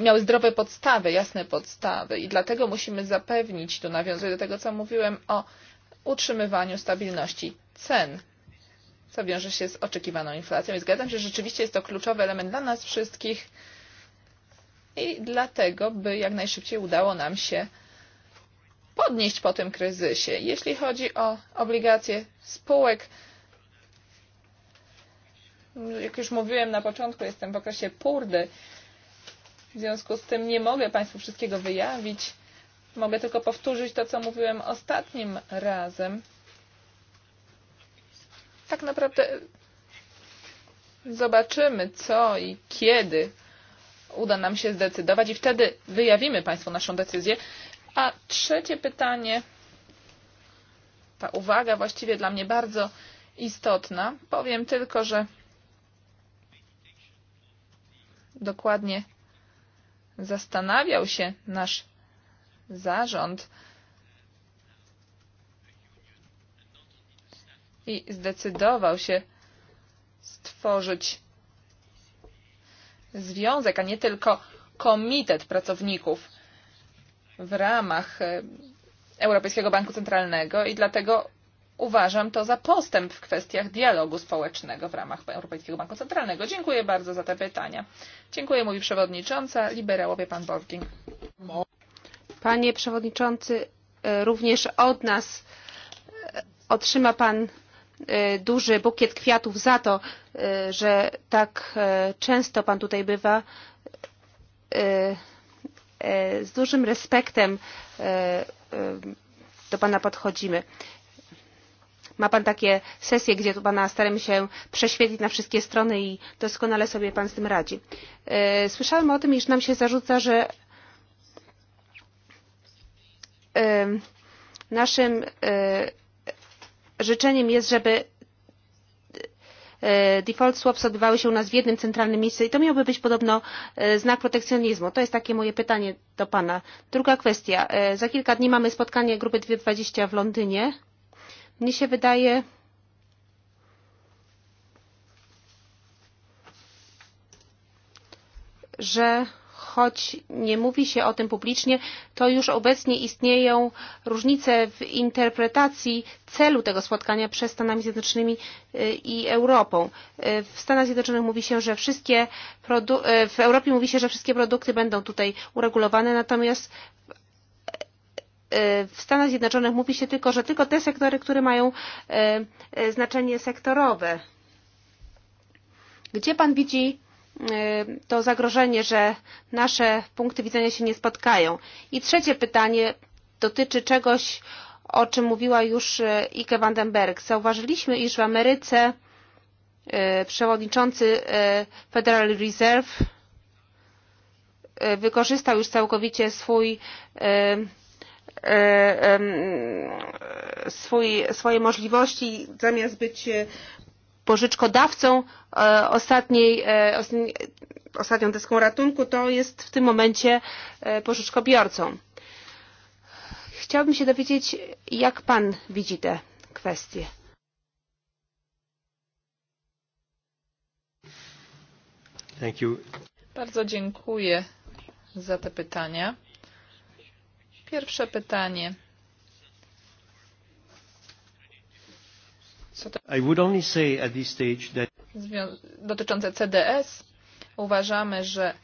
miały zdrowe podstawy, jasne podstawy i dlatego musimy zapewnić, tu nawiązuję do tego, co mówiłem o utrzymywaniu stabilności cen, co wiąże się z oczekiwaną inflacją. I zgadzam się, że rzeczywiście jest to kluczowy element dla nas wszystkich, i dlatego, by jak najszybciej udało nam się podnieść po tym kryzysie. Jeśli chodzi o obligacje spółek, jak już mówiłem na początku, jestem w okresie purdy, w związku z tym nie mogę Państwu wszystkiego wyjawić. Mogę tylko powtórzyć to, co mówiłem ostatnim razem. Tak naprawdę zobaczymy, co i kiedy uda nam się zdecydować i wtedy wyjawimy Państwu naszą decyzję. A trzecie pytanie, ta uwaga właściwie dla mnie bardzo istotna. Powiem tylko, że dokładnie zastanawiał się nasz zarząd i zdecydował się stworzyć związek, a nie tylko komitet pracowników w ramach e, Europejskiego Banku Centralnego i dlatego uważam to za postęp w kwestiach dialogu społecznego w ramach Europejskiego Banku Centralnego. Dziękuję bardzo za te pytania. Dziękuję, mówi przewodnicząca. Liberałowie, pan Borging. Panie przewodniczący, e, również od nas e, otrzyma pan E, duży bukiet kwiatów za to, e, że tak e, często Pan tutaj bywa. Z dużym respektem do Pana podchodzimy. Ma Pan takie sesje, gdzie tu Pana staramy się prześwietlić na wszystkie strony i doskonale sobie Pan z tym radzi. Słyszałem o tym, iż nam się zarzuca, że naszym życzeniem jest, żeby e, default swaps odbywały się u nas w jednym centralnym miejscu i to miałby być podobno e, znak protekcjonizmu. To jest takie moje pytanie do Pana. Druga kwestia. E, za kilka dni mamy spotkanie grupy 220 w Londynie. Mnie się wydaje, że choć nie mówi się o tym publicznie, to już obecnie istnieją różnice w interpretacji celu tego spotkania przez Stanami Zjednoczonymi i Europą. W Stanach Zjednoczonych mówi się, że wszystkie w Europie mówi się, że wszystkie produkty będą tutaj uregulowane, natomiast w Stanach Zjednoczonych mówi się tylko, że tylko te sektory, które mają znaczenie sektorowe. Gdzie pan widzi E, to zagrożenie, że nasze punkty widzenia się nie spotkają. I trzecie pytanie dotyczy czegoś, o czym mówiła już e, Ike Vandenberg. Zauważyliśmy, iż w Ameryce e, przewodniczący Federal Reserve wykorzystał już całkowicie swój, swój, swoje możliwości, zamiast być pożyczkodawcą e, e, ostatniej, ostatnią deską ratunku, to jest w tym momencie e, pożyczkobiorcą. Chciałbym się dowiedzieć, jak Pan widzi te kwestie. Thank you. Bardzo dziękuję za te pytania. Pierwsze pytanie. I would only say at this stage that... dotyczące CDS uważamy, że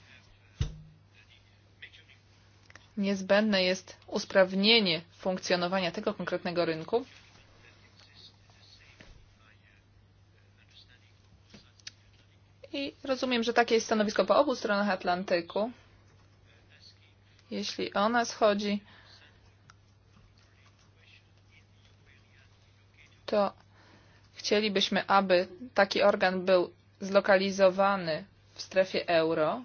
niezbędne jest usprawnienie funkcjonowania tego konkretnego rynku. I rozumiem, że takie jest stanowisko po obu stronach Atlantyku. Jeśli o nas chodzi, to Chcielibyśmy, aby taki organ był zlokalizowany w strefie euro,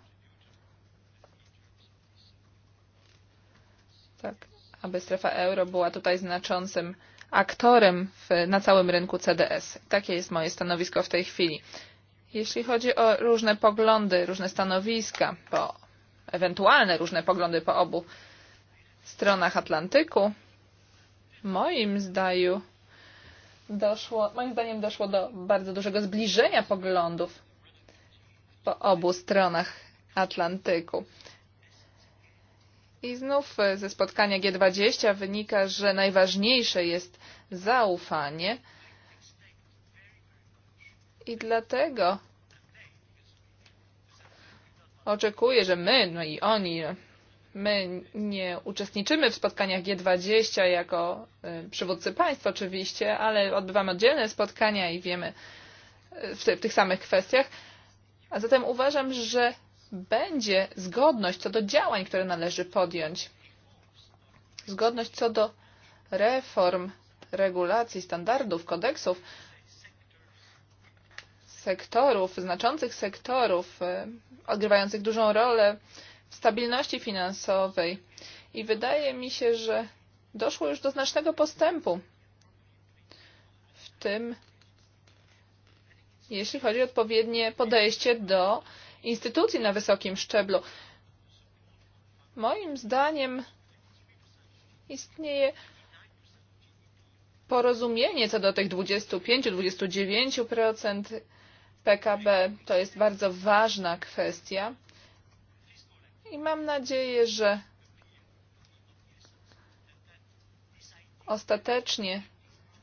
tak, aby strefa euro była tutaj znaczącym aktorem w, na całym rynku CDS. Takie jest moje stanowisko w tej chwili. Jeśli chodzi o różne poglądy, różne stanowiska, po, ewentualne różne poglądy po obu stronach Atlantyku, moim zdaniem doszło, moim zdaniem doszło do bardzo dużego zbliżenia poglądów po obu stronach Atlantyku. I znów ze spotkania G20 wynika, że najważniejsze jest zaufanie. I dlatego oczekuję, że my, no i oni, my nie uczestniczymy w spotkaniach G20 jako przywódcy e, państw oczywiście, ale odbywamy oddzielne spotkania i wiemy e, w tych samych kwestiach. A zatem uważam, że będzie zgodność co do działań, które należy podjąć. Zgodność co do reform, regulacji, standardów, kodeksów, sektorów, znaczących sektorów, e, odgrywających dużą rolę stabilności finansowej. I wydaje mi się, że doszło już do znacznego postępu w tym, jeśli chodzi o odpowiednie podejście do instytucji na wysokim szczeblu. Moim zdaniem istnieje porozumienie co do tych 25-29% PKB. To jest bardzo ważna kwestia. I mam nadzieję, że ostatecznie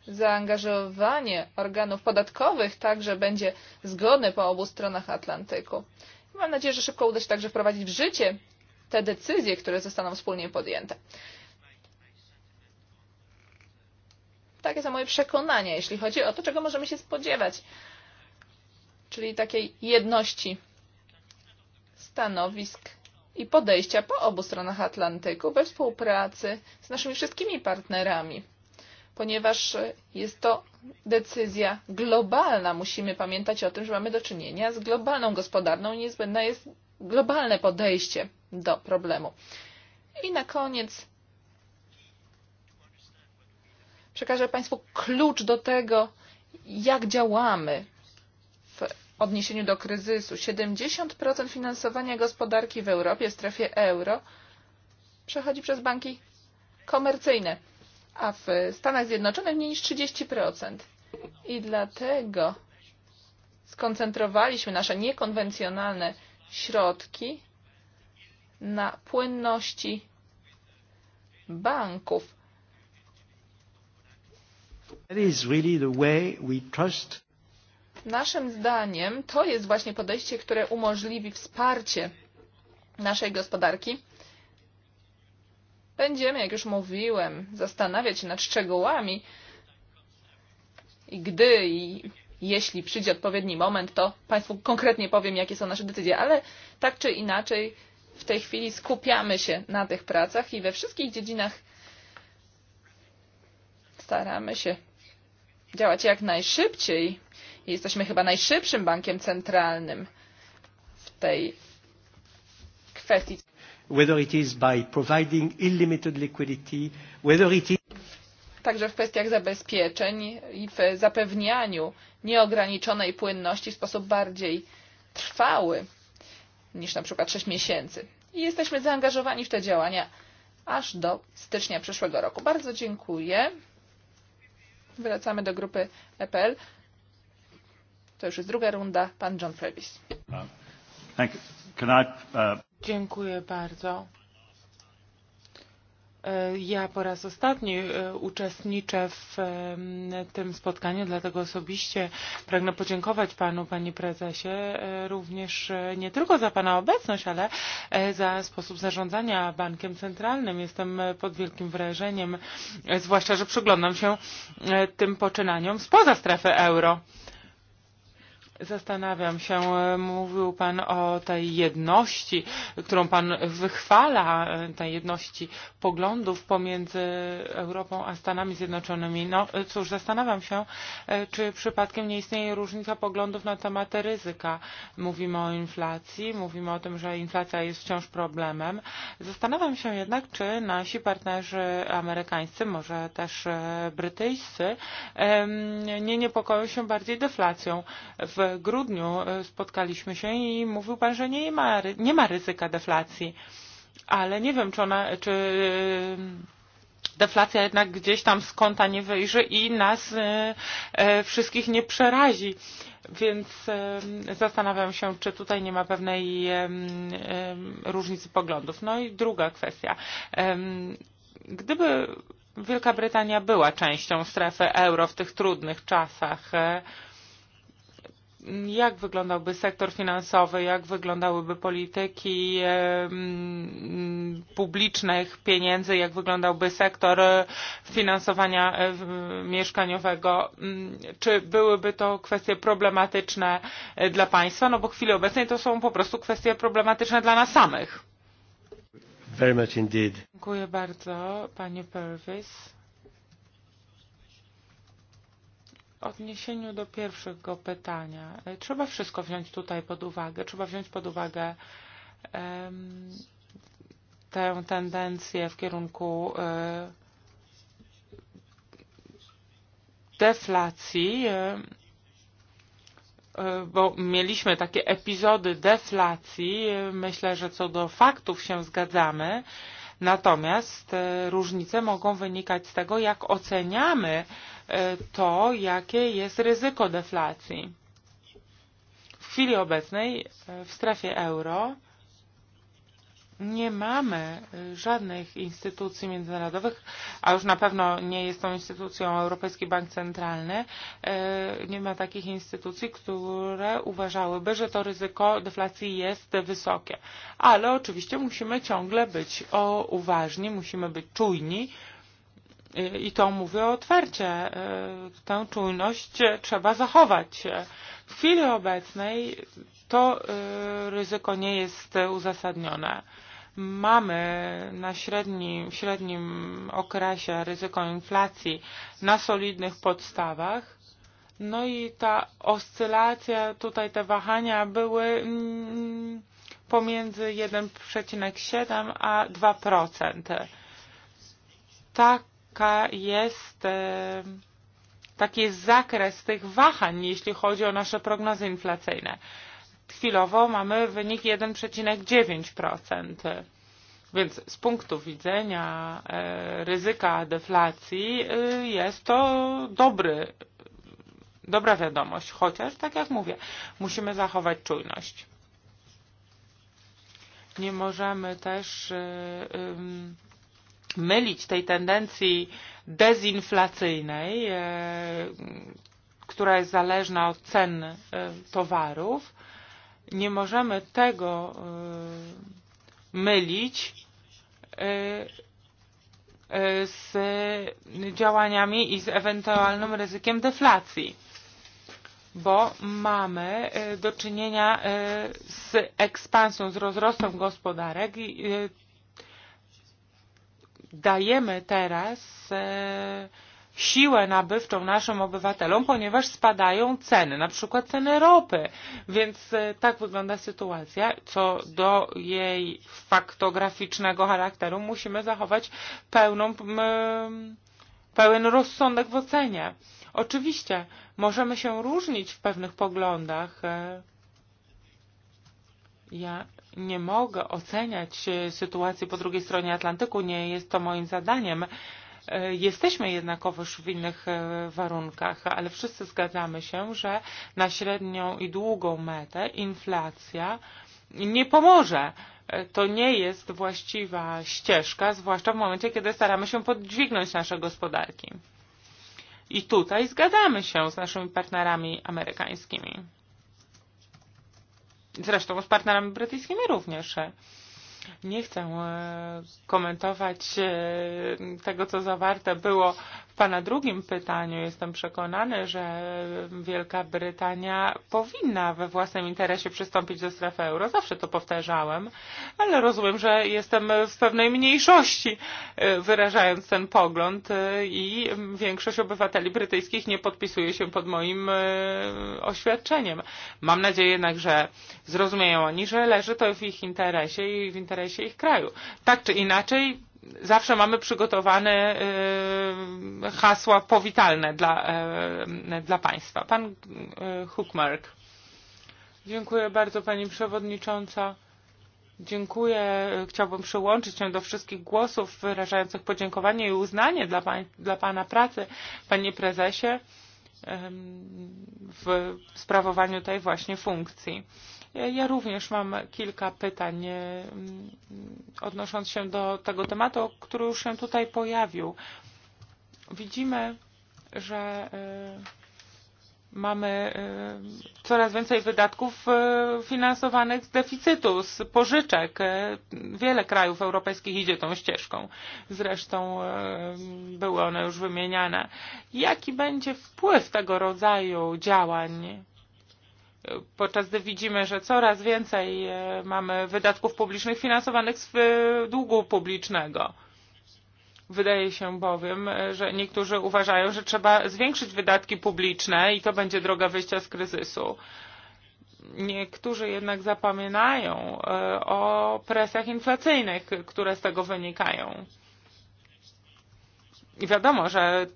zaangażowanie organów podatkowych także będzie zgodne po obu stronach Atlantyku. I mam nadzieję, że szybko uda się także wprowadzić w życie te decyzje, które zostaną wspólnie podjęte. Takie są moje przekonania, jeśli chodzi o to, czego możemy się spodziewać, czyli takiej jedności stanowisk i podejścia po obu stronach Atlantyku we współpracy z naszymi wszystkimi partnerami, ponieważ jest to decyzja globalna. Musimy pamiętać o tym, że mamy do czynienia z globalną gospodarną i niezbędne jest globalne podejście do problemu. I na koniec przekażę Państwu klucz do tego, jak działamy odniesieniu do kryzysu. 70% finansowania gospodarki w Europie, w strefie euro, przechodzi przez banki komercyjne, a w Stanach Zjednoczonych mniej niż 30%. I dlatego skoncentrowaliśmy nasze niekonwencjonalne środki na płynności banków. That is really the way we trust Naszym zdaniem to jest właśnie podejście, które umożliwi wsparcie naszej gospodarki. Będziemy, jak już mówiłem, zastanawiać się nad szczegółami i gdy i jeśli przyjdzie odpowiedni moment, to Państwu konkretnie powiem, jakie są nasze decyzje, ale tak czy inaczej w tej chwili skupiamy się na tych pracach i we wszystkich dziedzinach staramy się działać jak najszybciej Jesteśmy chyba najszybszym bankiem centralnym w tej kwestii. Whether it is by providing unlimited liquidity, whether it is także w kwestiach zabezpieczeń i w zapewnianiu nieograniczonej płynności w sposób bardziej trwały niż na przykład 6 miesięcy. I jesteśmy zaangażowani w te działania aż do stycznia przyszłego roku. Bardzo dziękuję. Wracamy do grupy EPL. To już jest druga runda. Pan John Previs. Uh, uh, Dziękuję bardzo. E, ja po raz ostatni e, uczestniczę w tym spotkaniu, dlatego osobiście pragnę podziękować Panu, Panie Prezesie, e, również nie tylko za Pana obecność, ale za sposób zarządzania Bankiem Centralnym. Jestem pod wielkim wrażeniem, zwłaszcza, że przyglądam się tym poczynaniom spoza strefy euro. Zastanawiam się, e, mówił Pan o tej jedności, którą Pan wychwala, e, tej jedności poglądów pomiędzy Europą a Stanami Zjednoczonymi. No e, cóż, zastanawiam się, czy przypadkiem nie istnieje różnica poglądów na temat ryzyka. Mówimy o inflacji, mówimy o tym, że inflacja jest wciąż problemem. Zastanawiam się jednak, czy nasi partnerzy amerykańscy, może też brytyjscy, nie niepokoją się bardziej deflacją w grudniu e, spotkaliśmy się i mówił Pan, że nie ma, nie ma ryzyka deflacji, ale nie wiem, czy ona, czy e, deflacja jednak gdzieś tam z kąta nie wyjrzy i nas e, wszystkich nie przerazi. Więc zastanawiam się, czy tutaj nie ma pewnej różnicy poglądów. No i druga kwestia. Gdyby Wielka Brytania była częścią strefy euro w tych trudnych czasach, jak wyglądałby sektor finansowy, jak wyglądałyby polityki publicznych pieniędzy, jak wyglądałby sektor finansowania e, mieszkaniowego. Mm, czy byłyby to kwestie problematyczne e, dla państwa? No bo w chwili obecnej to są po prostu kwestie problematyczne dla nas samych. Very much indeed. Dziękuję bardzo, panie Purvis. W odniesieniu do pierwszego pytania, e, trzeba wszystko wziąć tutaj pod uwagę. Trzeba wziąć pod uwagę um, tę tendencję w kierunku um, deflacji, e, bo mieliśmy takie epizody deflacji. Myślę, że co do faktów się zgadzamy. Natomiast różnice mogą wynikać z tego, jak oceniamy to, jakie jest ryzyko deflacji. W chwili obecnej w e, strefie euro nie mamy żadnych instytucji międzynarodowych, a już na pewno nie jest tą instytucją Europejski Bank Centralny, e, nie ma takich instytucji, które uważałyby, że to ryzyko deflacji jest wysokie. Ale oczywiście musimy ciągle być uważni, musimy być czujni, i to mówię otwarcie, e, tę czujność trzeba zachować. W chwili obecnej to e, ryzyko nie jest uzasadnione. Mamy na średnim, średnim okresie ryzyko inflacji na solidnych podstawach. No i ta oscylacja, tutaj te wahania były mm, pomiędzy 1,7 a 2%. Tak jaka jest e, taki jest zakres tych wahań, jeśli chodzi o nasze prognozy inflacyjne. Chwilowo mamy wynik 1,9%. Więc z punktu widzenia e, ryzyka deflacji e, jest to dobry, dobra wiadomość, chociaż tak jak mówię, musimy zachować czujność. Nie możemy też mylić tej tendencji dezinflacyjnej, e, która jest zależna od cen e, towarów. Nie możemy tego e, mylić z działaniami i z ewentualnym ryzykiem deflacji, bo mamy do czynienia z ekspansją, z rozrostem gospodarek i dajemy teraz siłę e, nabywczą naszym obywatelom, ponieważ spadają ceny, na przykład ceny ropy. Więc e, tak wygląda sytuacja. Co do jej faktograficznego charakteru musimy zachować pełną, pełen rozsądek w ocenie. Oczywiście możemy się różnić w pewnych poglądach. E, ja E, nie mogę oceniać sytuacji po drugiej stronie Atlantyku, nie jest to moim zadaniem. E, jesteśmy jednakowoż w innych e, warunkach, ale wszyscy zgadzamy się, że na średnią i długą metę inflacja nie pomoże. To nie jest właściwa ścieżka, zwłaszcza w momencie, kiedy staramy się podźwignąć nasze gospodarki. I tutaj zgadzamy się z naszymi partnerami amerykańskimi zresztą teda z partnerami brytyjskimi również. Nie chcę eh, komentować eh, tego, co zawarte było Pana drugim pytaniu jestem przekonany, że Wielka Brytania powinna we własnym interesie przystąpić do strefy euro. Zawsze to powtarzałem, ale rozumiem, że jestem w pewnej mniejszości e, wyrażając ten pogląd e, i większość obywateli brytyjskich nie podpisuje się pod moim e, oświadczeniem. Mam nadzieję jednak, że zrozumieją oni, że leży to w ich interesie i w interesie ich kraju. Tak czy inaczej zawsze mamy przygotowane e, hasła powitalne dla, e, dla Państwa. Pan e, Hookmark. Dziękuję bardzo Pani Przewodnicząca. Dziękuję. Chciałbym przyłączyć się do wszystkich głosów wyrażających podziękowanie i uznanie dla, pań, dla Pana pracy, Panie Prezesie, w sprawowaniu tej właśnie funkcji. Ja również mam kilka pytań e, mm, odnosząc się do tego tematu, który już się tutaj pojawił. Widzimy, że e, mamy e, coraz więcej wydatków finansowanych z deficytu, z pożyczek. Wiele krajów europejskich idzie tą ścieżką. Zresztą były one już wymieniane. Jaki będzie wpływ tego rodzaju działań podczas gdy widzimy, że coraz więcej e, mamy wydatków publicznych finansowanych z e, długu publicznego. Wydaje się bowiem, e, że niektórzy uważają, że trzeba zwiększyć wydatki publiczne i to będzie droga wyjścia z kryzysu. Niektórzy jednak zapominają o presjach inflacyjnych, które z tego wynikają. I wiadomo, że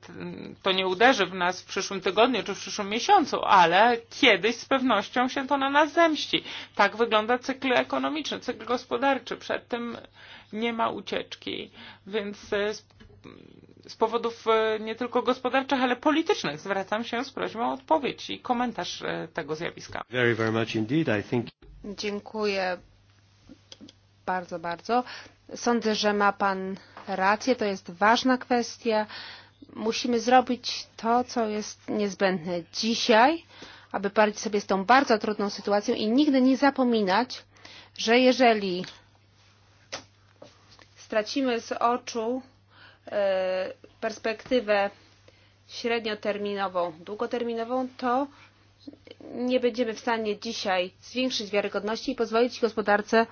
to nie uderzy w nas w przyszłym tygodniu czy w przyszłym miesiącu, ale kiedyś z pewnością się to na nas zemści. Tak wygląda cykl ekonomiczny, cykl gospodarczy. Przed tym nie ma ucieczki. Więc e, z powodów e, nie tylko gospodarczych, ale politycznych zwracam się z prośbą o odpowiedź i komentarz e, tego zjawiska. Very, very much indeed, I think... Dziękuję bardzo, bardzo. Sądzę, że ma Pan rację, to jest ważna kwestia. Musimy zrobić to, co jest niezbędne dzisiaj, aby poradzić sobie z tą bardzo trudną sytuacją i nigdy nie zapominać, że jeżeli stracimy z oczu e, perspektywę średnioterminową, długoterminową, to nie będziemy w stanie dzisiaj zwiększyć wiarygodności i pozwolić gospodarce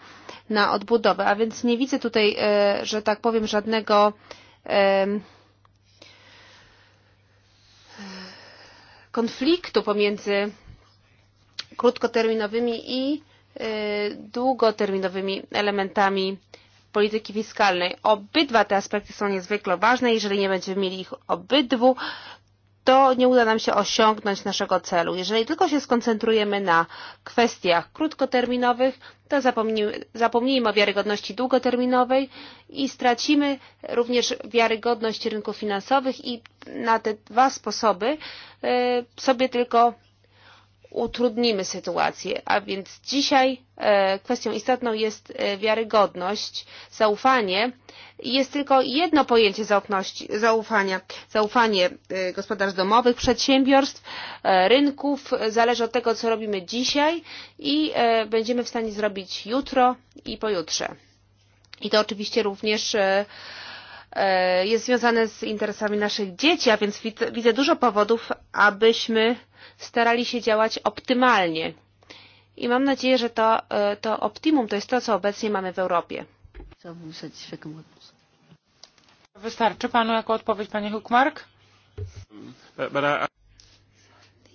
na odbudowę. A więc nie widzę tutaj, e, że tak powiem, żadnego e, konfliktu pomiędzy krótkoterminowymi i e, długoterminowymi elementami polityki fiskalnej. Obydwa te aspekty są niezwykle ważne. Jeżeli nie będziemy mieli ich obydwu, to nie uda nam się osiągnąć naszego celu. Jeżeli tylko się skoncentrujemy na kwestiach krótkoterminowych, to zapomnijmy, zapomnijmy o wiarygodności długoterminowej i stracimy również wiarygodność rynków finansowych i na te dwa sposoby e, sobie tylko utrudnimy sytuację. A więc dzisiaj e, kwestią istotną jest e, wiarygodność, zaufanie. Jest tylko jedno pojęcie zaufności, zaufania. Zaufanie e, gospodarstw domowych, przedsiębiorstw, rynków. Zależy od tego, co robimy dzisiaj i będziemy w stanie zrobić jutro i pojutrze. I to oczywiście również Eh, jest związane z interesami naszych dzieci, a więc widzę dużo powodów, abyśmy starali się działać optymalnie. I mam nadzieję, że to, e, to optimum to jest to, co obecnie mamy w Europie. Wystarczy panu jako odpowiedź, panie Hukmark?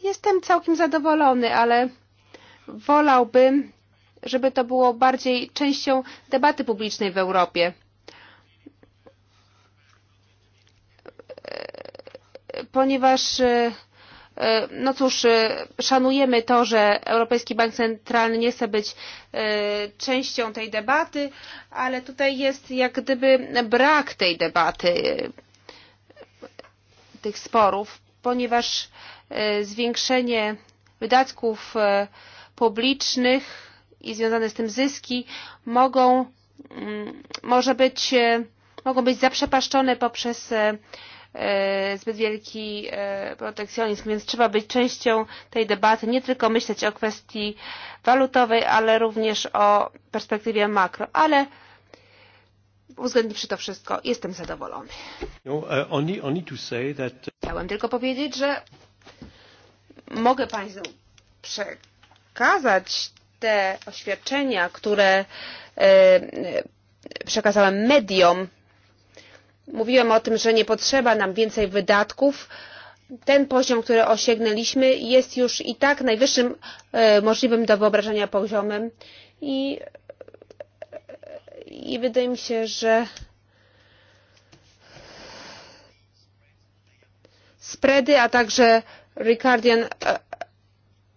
Jestem całkiem zadowolony, ale wolałbym, żeby to było bardziej częścią debaty publicznej w Europie. ponieważ e, e, no cóż, e, szanujemy to, że Europejski Bank Centralny nie chce być częścią tej debaty, ale tutaj jest jak gdyby brak tej debaty, tych sporów, ponieważ zwiększenie wydatków publicznych i związane z tym zyski mogą, mm, może być, mogą być zaprzepaszczone poprzez zbyt wielki e, protekcjonizm, więc trzeba być częścią tej debaty, nie tylko myśleć o kwestii walutowej, ale również o perspektywie makro. Ale uwzględniwszy to wszystko, jestem zadowolony. No, e, Chciałem tylko powiedzieć, że mogę Państwu przekazać te oświadczenia, które e, przekazałem mediom mówiłam o tym że nie potrzeba nam więcej wydatków ten poziom który osiągnęliśmy jest już i tak najwyższym e, możliwym do wyobrażenia poziomem i, i wydaje mi się że spready a także Ricardian e,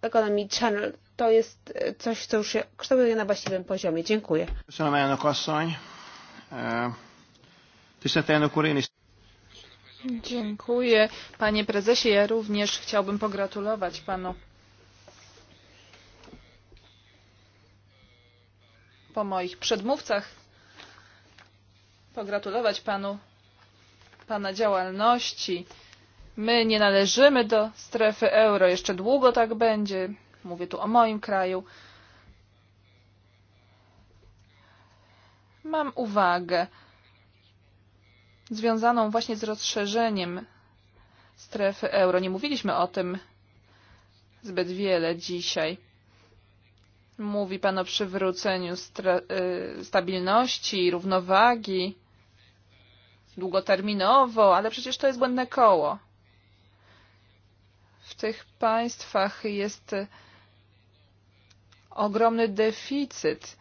Economy Channel to jest coś co już się kształtuje na właściwym poziomie. Dziękuję. Köszönöm, Dziękuję. Panie prezesie, ja również chciałbym pogratulować panu po moich przedmówcach pogratulować panu pana działalności. My nie należymy do strefy euro. Jeszcze długo tak będzie. Mówię tu o moim kraju. Mam uwagę związaną właśnie z rozszerzeniem strefy euro. Nie mówiliśmy o tym zbyt wiele dzisiaj. Mówi Pan o przywróceniu stabilności, równowagi długoterminowo, ale przecież to jest błędne koło. W tych państwach jest ogromny deficyt.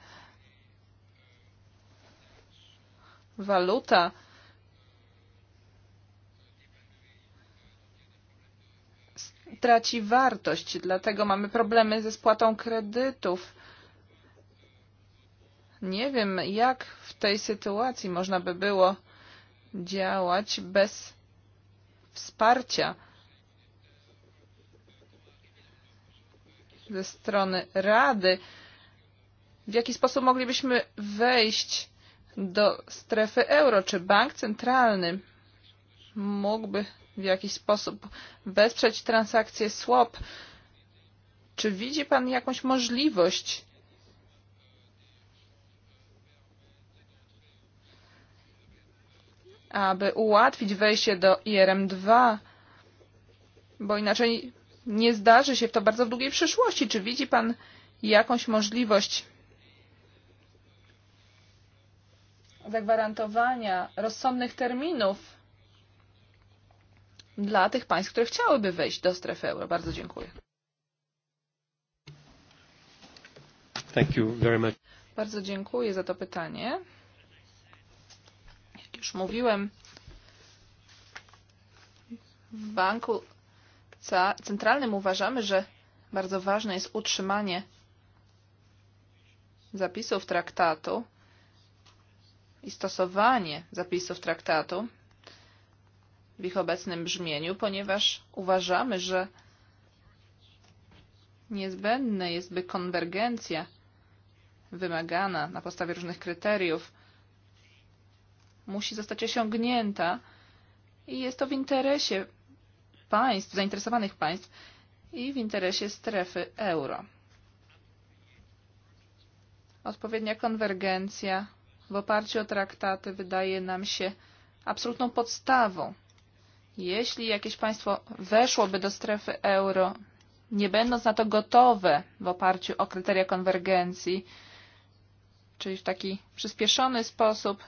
Waluta traci wartość, dlatego mamy problemy ze spłatą kredytów. Nie wiem, jak w tej sytuacji można by było działać bez wsparcia ze strony Rady. W jaki sposób moglibyśmy wejść do strefy euro? Czy bank centralny mógłby w jakiś sposób wesprzeć transakcję swap. Czy widzi Pan jakąś możliwość aby ułatwić wejście do IRM2, bo inaczej nie zdarzy się to bardzo w długiej przyszłości. Czy widzi Pan jakąś możliwość zagwarantowania rozsądnych terminów dla tych państw, które chciałyby wejść do strefy euro. Bardzo dziękuję. Thank you very much. Bardzo dziękuję za to pytanie. Jak już mówiłem, w banku centralnym uważamy, że bardzo ważne jest utrzymanie zapisów traktatu i stosowanie zapisów traktatu w ich obecnym brzmieniu, ponieważ uważamy, że niezbędne jest, by konwergencja wymagana na podstawie różnych kryteriów musi zostać osiągnięta i jest to w interesie państw, zainteresowanych państw i w interesie strefy euro. Odpowiednia konwergencja w oparciu o traktaty wydaje nam się absolutną podstawą Jeśli jakieś państwo weszłoby do strefy euro, nie będąc na to gotowe w oparciu o kryteria konwergencji, czyli w taki przyspieszony sposób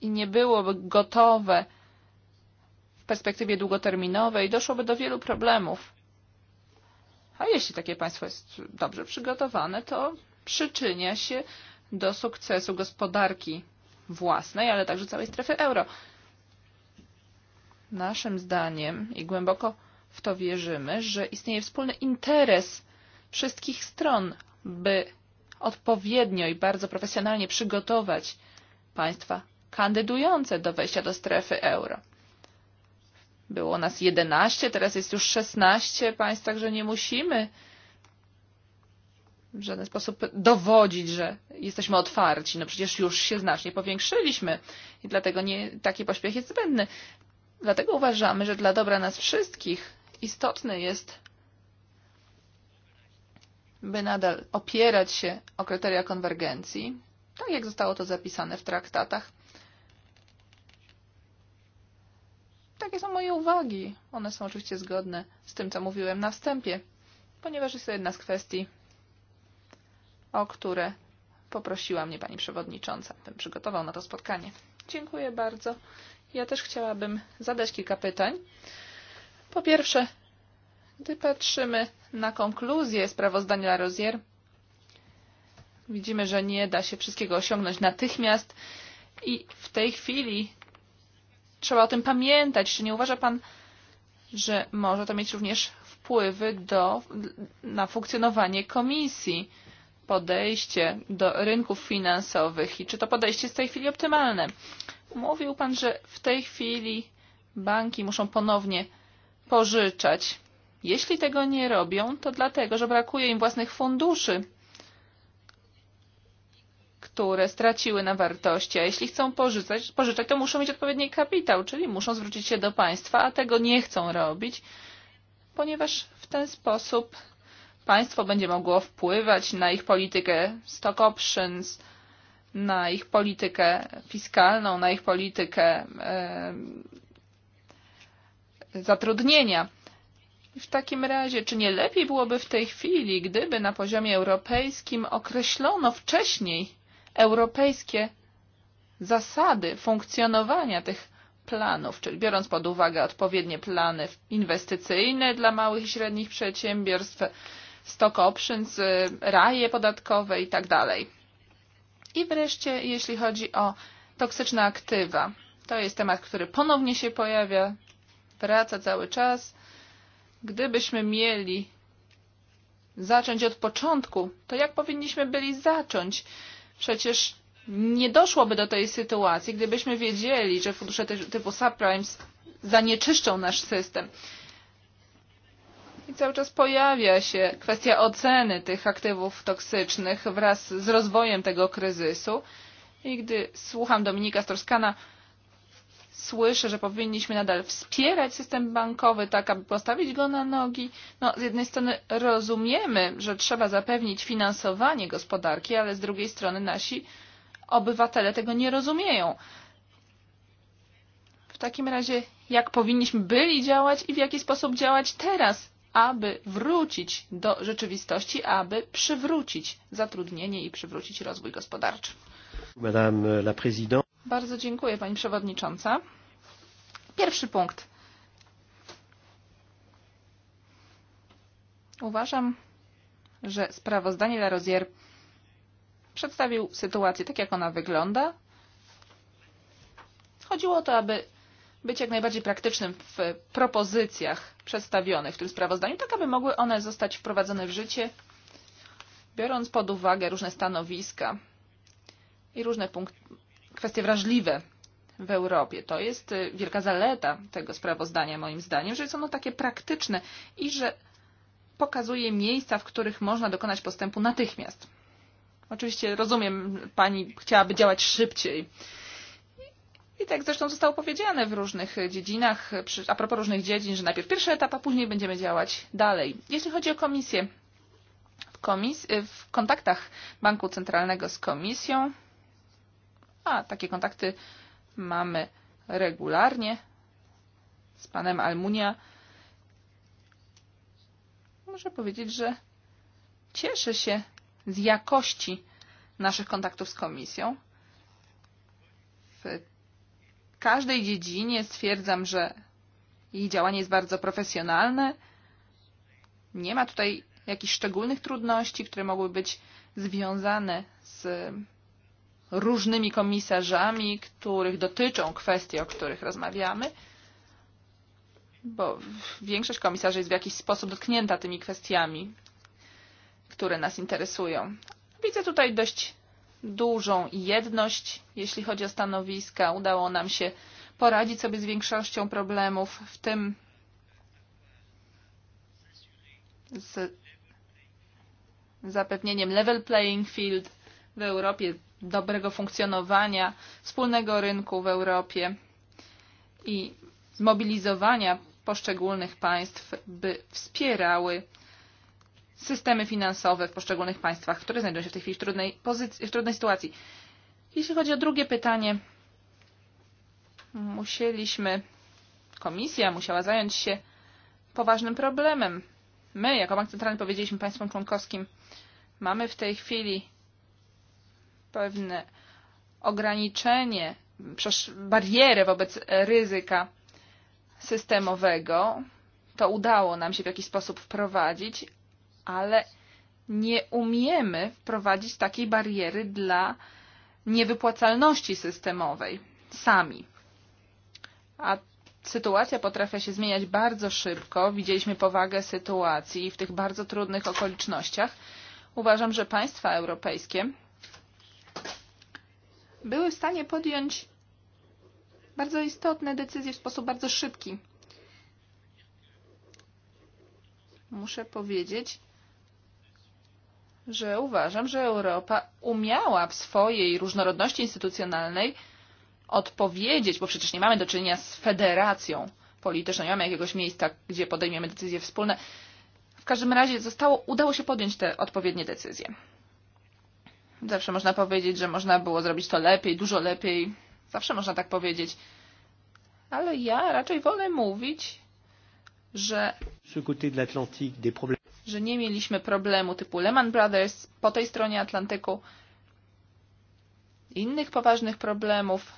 i nie byłoby gotowe w perspektywie długoterminowej, doszłoby do wielu problemów. A jeśli takie państwo jest dobrze przygotowane, to przyczynia się do sukcesu gospodarki własnej, ale także całej strefy euro naszym zdaniem i głęboko w to wierzymy, że istnieje wspólny interes wszystkich stron, by odpowiednio i bardzo profesjonalnie przygotować państwa kandydujące do wejścia do strefy euro. Było nas 11, teraz jest już 16 państw, także nie musimy w żaden sposób dowodzić, że jesteśmy otwarci. No przecież już się znacznie powiększyliśmy i dlatego nie, taki pośpiech jest zbędny. Dlatego uważamy, że dla dobra nas wszystkich istotne jest, by nadal opierać się o kryteria konwergencji, tak jak zostało to zapisane w traktatach. Takie są moje uwagi. One są oczywiście zgodne z tym, co mówiłem na wstępie, ponieważ jest to jedna z kwestii, o które poprosiła mnie pani przewodnicząca, bym przygotował na to spotkanie. Dziękuję bardzo. Ja też chciałabym zadać kilka pytań. Po pierwsze, gdy patrzymy na konkluzję sprawozdania Rozier, widzimy, że nie da się wszystkiego osiągnąć natychmiast i w tej chwili trzeba o tym pamiętać. Czy nie uważa Pan, że może to mieć również wpływy do, na funkcjonowanie komisji, podejście do rynków finansowych i czy to podejście jest w tej chwili optymalne? Mówił Pan, że w tej chwili banki muszą ponownie pożyczać. Jeśli tego nie robią, to dlatego, że brakuje im własnych funduszy, które straciły na wartości, a jeśli chcą pożyczać, pożyczać to muszą mieć odpowiedni kapitał, czyli muszą zwrócić się do państwa, a tego nie chcą robić, ponieważ w ten sposób państwo będzie mogło wpływać na ich politykę stock options, na ich politykę fiskalną, na ich politykę eh, zatrudnienia. W takim razie, czy nie lepiej byłoby w tej chwili, gdyby na poziomie europejskim określono wcześniej europejskie zasady funkcjonowania tych planów, czyli biorąc pod uwagę odpowiednie plany inwestycyjne dla małych i średnich przedsiębiorstw, stock options, raje podatkowe i tak dalej. I wreszcie, jeśli chodzi o toksyczne aktywa. To jest temat, który ponownie się pojawia, wraca cały czas. Gdybyśmy mieli zacząć od początku, to jak powinniśmy byli zacząć? Przecież nie doszłoby do tej sytuacji, gdybyśmy wiedzieli, że fundusze typu subprimes zanieczyszczą nasz system. I cały czas pojawia się kwestia oceny tych aktywów toksycznych wraz z rozwojem tego kryzysu. I gdy słucham Dominika Storskana, słyszę, że powinniśmy nadal wspierać system bankowy, tak aby postawić go na nogi. No, z jednej strony rozumiemy, że trzeba zapewnić finansowanie gospodarki, ale z drugiej strony nasi obywatele tego nie rozumieją. W takim razie, jak powinniśmy byli działać i w jaki sposób działać teraz? aby wrócić do rzeczywistości, aby przywrócić zatrudnienie i przywrócić rozwój gospodarczy. Madame la Présidente. Bardzo dziękuję Pani Przewodnicząca. Pierwszy punkt. Uważam, że sprawozdanie La Rozier przedstawił sytuację tak, jak ona wygląda. Chodziło o to, aby być jak najbardziej praktycznym w propozycjach przedstawionych w tym sprawozdaniu, tak aby mogły one zostać wprowadzone w życie, biorąc pod uwagę różne stanowiska i różne punkt, kwestie wrażliwe w Europie. To jest wielka zaleta tego sprawozdania, moim zdaniem, że jest ono takie praktyczne i że pokazuje miejsca, w których można dokonać postępu natychmiast. Oczywiście rozumiem, pani chciałaby działać szybciej i tak zresztą zostało powiedziane w różnych dziedzinach, a propos różnych dziedzin, że najpierw pierwszy etap, a później będziemy działać dalej. Jeśli chodzi o komisję, w, komis w kontaktach Banku Centralnego z komisją, a takie kontakty mamy regularnie z panem Almunia, muszę powiedzieć, że cieszę się z jakości naszych kontaktów z komisją. W każdej dziedzinie stwierdzam, że jej działanie jest bardzo profesjonalne. Nie ma tutaj jakichś szczególnych trudności, które mogły być związane z różnymi komisarzami, których dotyczą kwestie, o których rozmawiamy, bo większość komisarzy jest w jakiś sposób dotknięta tymi kwestiami, które nas interesują. Widzę tutaj dość dużą jedność, jeśli chodzi o stanowiska. Udało nam się poradzić sobie z większością problemów, w tym z zapewnieniem level playing field w Europie, dobrego funkcjonowania wspólnego rynku w Europie i zmobilizowania poszczególnych państw, by wspierały systemy finansowe w poszczególnych państwach, które znajdują się w tej chwili w trudnej, pozycji, w trudnej sytuacji. Jeśli chodzi o drugie pytanie, musieliśmy, komisja musiała zająć się poważnym problemem. My, jako Bank Centralny, powiedzieliśmy państwom członkowskim, mamy w tej chwili pewne ograniczenie, barierę wobec ryzyka systemowego. To udało nam się w jakiś sposób wprowadzić, ale nie umiemy wprowadzić takiej bariery dla niewypłacalności systemowej sami. A sytuacja potrafia się zmieniać bardzo szybko. Widzieliśmy powagę sytuacji w tych bardzo trudnych okolicznościach. Uważam, że państwa europejskie były w stanie podjąć bardzo istotne decyzje w sposób bardzo szybki. Muszę powiedzieć, że uważam, że Europa umiała w swojej różnorodności instytucjonalnej odpowiedzieć, bo przecież nie mamy do czynienia z federacją polityczną, nie mamy jakiegoś miejsca, gdzie podejmiemy decyzje wspólne. W każdym razie zostało, udało się podjąć te odpowiednie decyzje. Zawsze można powiedzieć, że można było zrobić to lepiej, dużo lepiej. Zawsze można tak powiedzieć. Ale ja raczej wolę mówić, że że nie mieliśmy problemu typu Lehman Brothers po tej stronie Atlantyku, innych poważnych problemów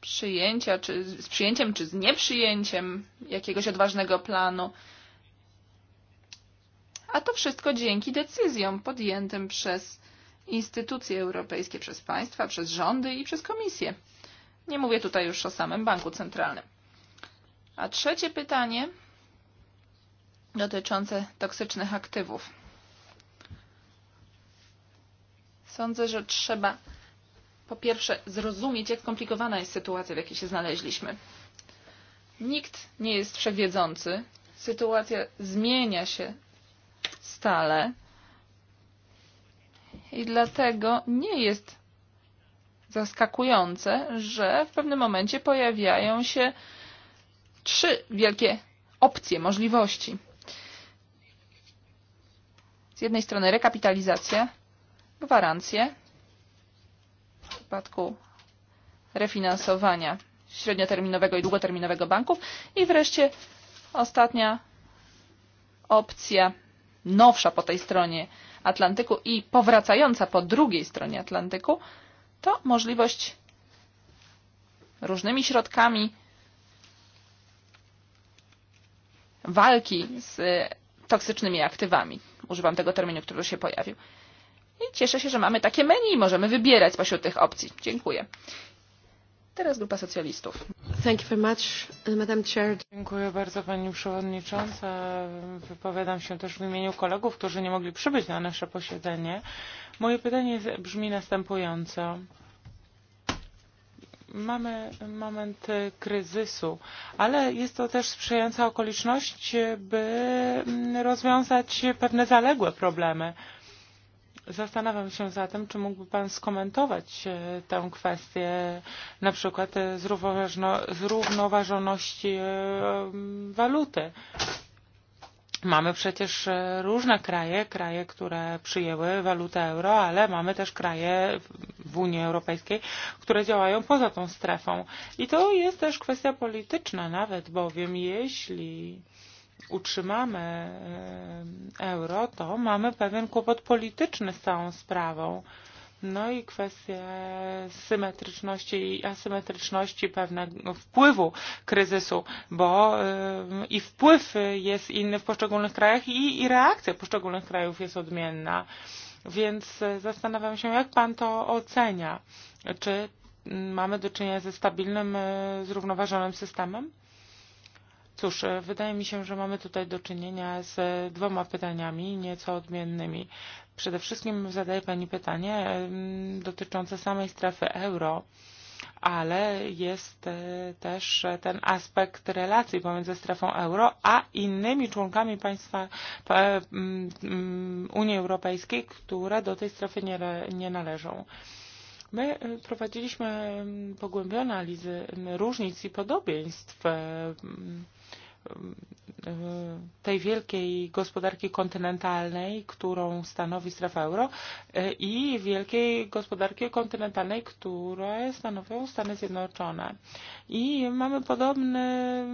przyjęcia, czy z przyjęciem, czy z nieprzyjęciem jakiegoś odważnego planu. A to wszystko dzięki decyzjom podjętym przez instytucje europejskie, przez państwa, przez rządy i przez komisję. Nie mówię tutaj już o samym banku centralnym. A trzecie pytanie dotyczące toksycznych aktywów. Sądzę, że trzeba po pierwsze zrozumieć, jak skomplikowana jest sytuacja, w jakiej się znaleźliśmy. Nikt nie jest wszechwiedzący. Sytuacja zmienia się stale i dlatego nie jest zaskakujące, że w pewnym momencie pojawiają się trzy wielkie opcje, możliwości z jednej strany rekapitalizácia, gwarancje w przypadku refinansowania średnioterminowego i długoterminowego banków i wreszcie ostatnia opcja nowsza po tej stronie Atlantyku i powracająca po drugiej stronie Atlantyku to możliwość różnymi środkami walki z toksycznymi aktywami używam tego terminu, który już się pojawił. I cieszę się, że mamy takie menu i możemy wybierać spośród tych opcji. Dziękuję. Teraz grupa socjalistów. Thank you very much, Madam Chair. Dziękuję bardzo Pani Przewodnicząca. Wypowiadam się też w imieniu kolegów, którzy nie mogli przybyć na nasze posiedzenie. Moje pytanie brzmi następująco mamy moment kryzysu, ale jest to też sprzyjająca okoliczność, by mm, rozwiązać pewne zaległe problemy. Zastanawiam się zatem, czy mógłby Pan skomentować e, tę kwestię na przykład e, zrównoważoności e, waluty. Mamy przecież eh, różne kraje, kraje, które przyjęły walutę euro, ale mamy też kraje w Unii Europejskiej, które działają poza tą strefą. I to jest też kwestia polityczna nawet, bowiem jeśli utrzymamy euro, to mamy pewien kłopot polityczny z całą sprawą. No i kwestia symetryczności i asymetryczności pewnego wpływu kryzysu, bo i wpływ jest inny w poszczególnych krajach i, i reakcja poszczególnych krajów jest odmienna. Więc e, zastanawiam się, jak pan to ocenia. Czy mamy do czynienia ze stabilnym, e, zrównoważonym systemem? Cóż, e, wydaje mi się, że mamy tutaj do czynienia z dwoma pytaniami nieco odmiennymi. Przede wszystkim zadaje Pani pytanie e, dotyczące samej strefy euro, ale jest e, też ten aspekt relacji pomiędzy strefą euro a innymi członkami państwa Unii Europejskiej, które do tej strefy nie, nie należą. My prowadziliśmy pogłębione analizy różnic i podobieństw Eh, tej wielkiej gospodarki kontynentalnej, którą stanowi strefa euro eh, i wielkiej gospodarki kontynentalnej, które stanowią Stany Zjednoczone. I mamy podobny,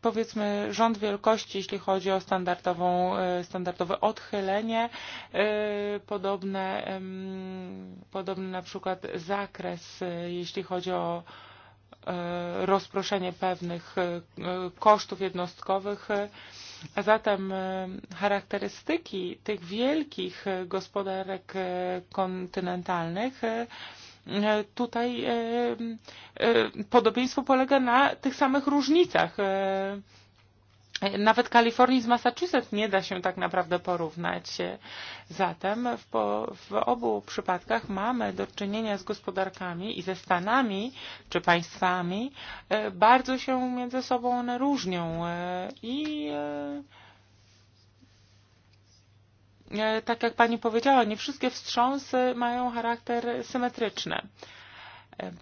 powiedzmy, rząd wielkości, jeśli chodzi o standardową, eh, standardowe odchylenie, podobne, podobny na przykład zakres, jeśli chodzi o E, rozproszenie pewnych e, kosztów jednostkowych. E, a zatem charakterystyki tych wielkich gospodarek kontynentalnych tutaj podobieństwo polega na tych samych różnicach Nawet Kalifornii z Massachusetts nie da się tak naprawdę porównać. E, zatem w, w obu przypadkach mamy do czynienia z gospodarkami i ze stanami czy państwami. E, bardzo się między sobą one różnią e, i tak jak pani powiedziała, nie wszystkie wstrząsy mają charakter symetryczny.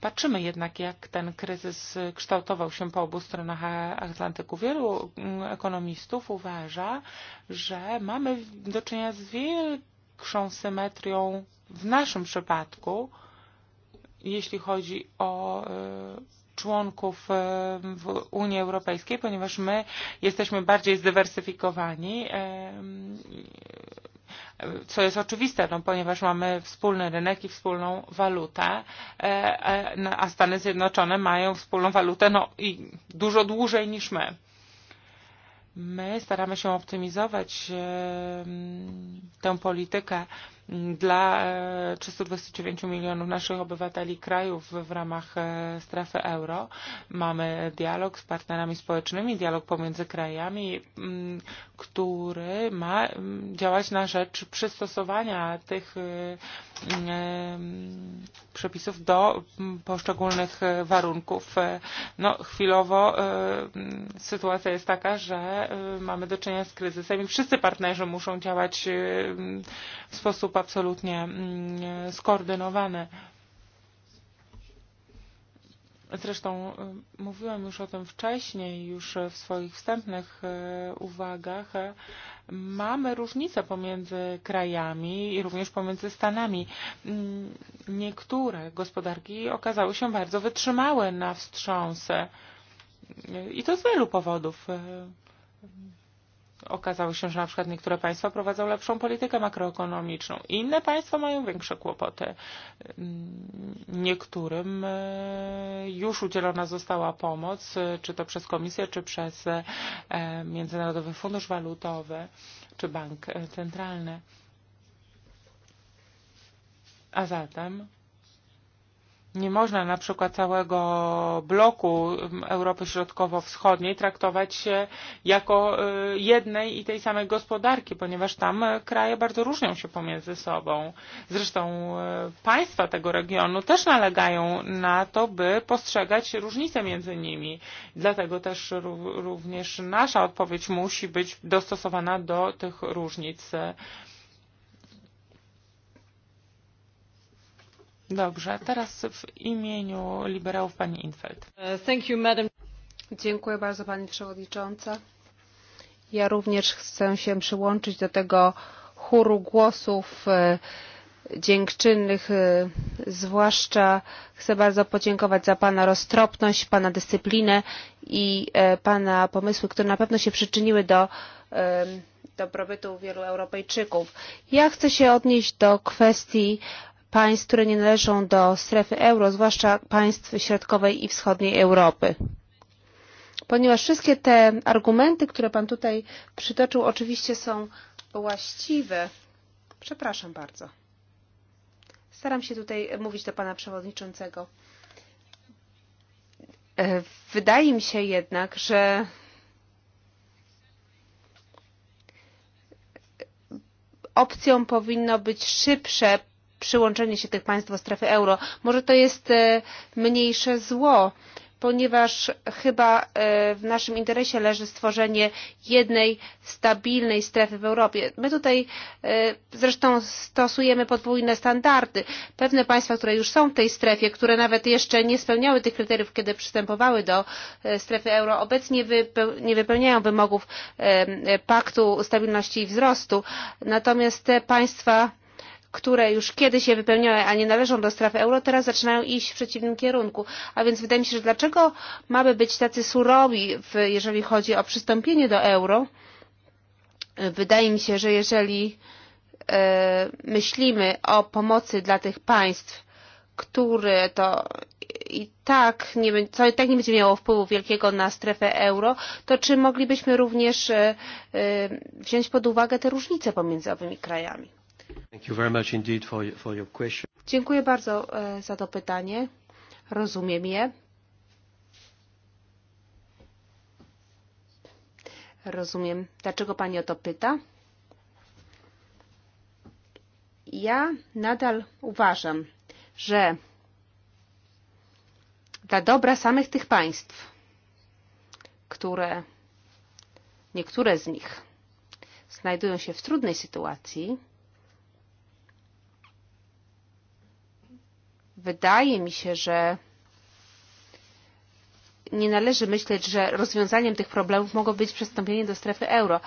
Patrzymy jednak, jak ten kryzys kształtował się po obu stronach Atlantyku. Wielu mm, ekonomistów uważa, że mamy do czynienia z większą symetrią w naszym przypadku, jeśli chodzi o e, członków e, w Unii Europejskiej, ponieważ my jesteśmy bardziej zdywersyfikowani e, co jest oczywiste, no, ponieważ mamy wspólny rynek i wspólną walutę, e, e, no, a Stany Zjednoczone mają wspólną walutę no, i dużo dłużej niż my. My staramy się optymizować e, tę politykę dla 329 e, milionów naszych obywateli krajów w ramach e, strefy euro. Mamy dialog z partnerami społecznymi, dialog pomiędzy krajami, który ma działać na rzecz przystosowania tych e, przepisów do poszczególnych warunków. No, chwilowo sytuacja jest taka, że mamy do czynienia z kryzysem i wszyscy partnerzy muszą działać w sposób sposób absolutnie mm, skoordynowany. Zresztą mówiłam już o tym wcześniej, już w swoich wstępnych uwagach. Mamy różnice pomiędzy krajami i również pomiędzy Stanami. Mm, niektóre gospodarki okazały się bardzo wytrzymałe na wstrząsy. I to z wielu powodów okazało się, że na przykład niektóre państwa prowadzą lepszą politykę makroekonomiczną, inne państwa mają większe kłopoty. Niektórym już e, udzielona została pomoc, czy to przez Komisję, czy przez e, Międzynarodowy Fundusz Walutowy, czy Bank e, Centralny. A zatem nie można na przykład całego bloku Europy Środkowo-Wschodniej traktować się jako e, jednej i tej samej gospodarki, ponieważ tam e, kraje bardzo różnią się pomiędzy sobą. Zresztą e, państwa tego regionu też nalegają na to, by postrzegać różnice między nimi. Dlatego też również nasza odpowiedź musi być dostosowana do tych różnic. Dobrze, teraz w imieniu liberałów pani Infeld. Uh, thank you, madam. Dziękuję bardzo pani przewodnicząca. Ja również chcę się przyłączyć do tego chóru głosów e, dziękczynnych. E, zwłaszcza chcę bardzo podziękować za pana roztropność, pana dyscyplinę i e, pana pomysły, które na pewno się przyczyniły do dobrobytu wielu Europejczyków. Ja chcę się odnieść do kwestii państw, które nie należą do strefy euro, zwłaszcza państw środkowej i wschodniej Europy. Ponieważ wszystkie te argumenty, które Pan tutaj przytoczył, oczywiście są właściwe. Przepraszam bardzo. Staram się tutaj mówić do Pana Przewodniczącego. E, wydaje mi się jednak, że opcją powinno być szybsze przyłączenie się tych państw do strefy euro. Może to jest e, mniejsze zło, ponieważ chyba e, w naszym interesie leży stworzenie jednej stabilnej strefy w Europie. My tutaj e, zresztą stosujemy podwójne standardy. Pewne państwa, które już są w tej strefie, które nawet jeszcze nie spełniały tych kryteriów, kiedy przystępowały do strefy euro, obecnie nie wypełniają wymogów paktu stabilności i wzrostu. Natomiast te państwa które już kiedyś je wypełniały, a nie należą do strefy euro, teraz zaczynają iść w przeciwnym kierunku. A więc wydaje mi się, że dlaczego mamy być tacy surowi, w, jeżeli chodzi o przystąpienie do euro? Wydaje mi się, że jeżeli e, myślimy o pomocy dla tych państw, które to i tak nie, co i tak nie będzie miało wpływu wielkiego na strefę euro, to czy moglibyśmy również e, e wziąć pod uwagę te różnice pomiędzy owymi krajami? Dziękuję bardzo e, za to pytanie. Rozumiem je. Rozumiem. Dlaczego Pani o to pyta? Ja nadal uważam, że dla dobra samych tych państw, które niektóre z nich znajdują się w trudnej sytuacji, wydaje mi się, że nie należy myśleć, że rozwiązaniem tych problemów mogą być przystąpienie do strefy euro,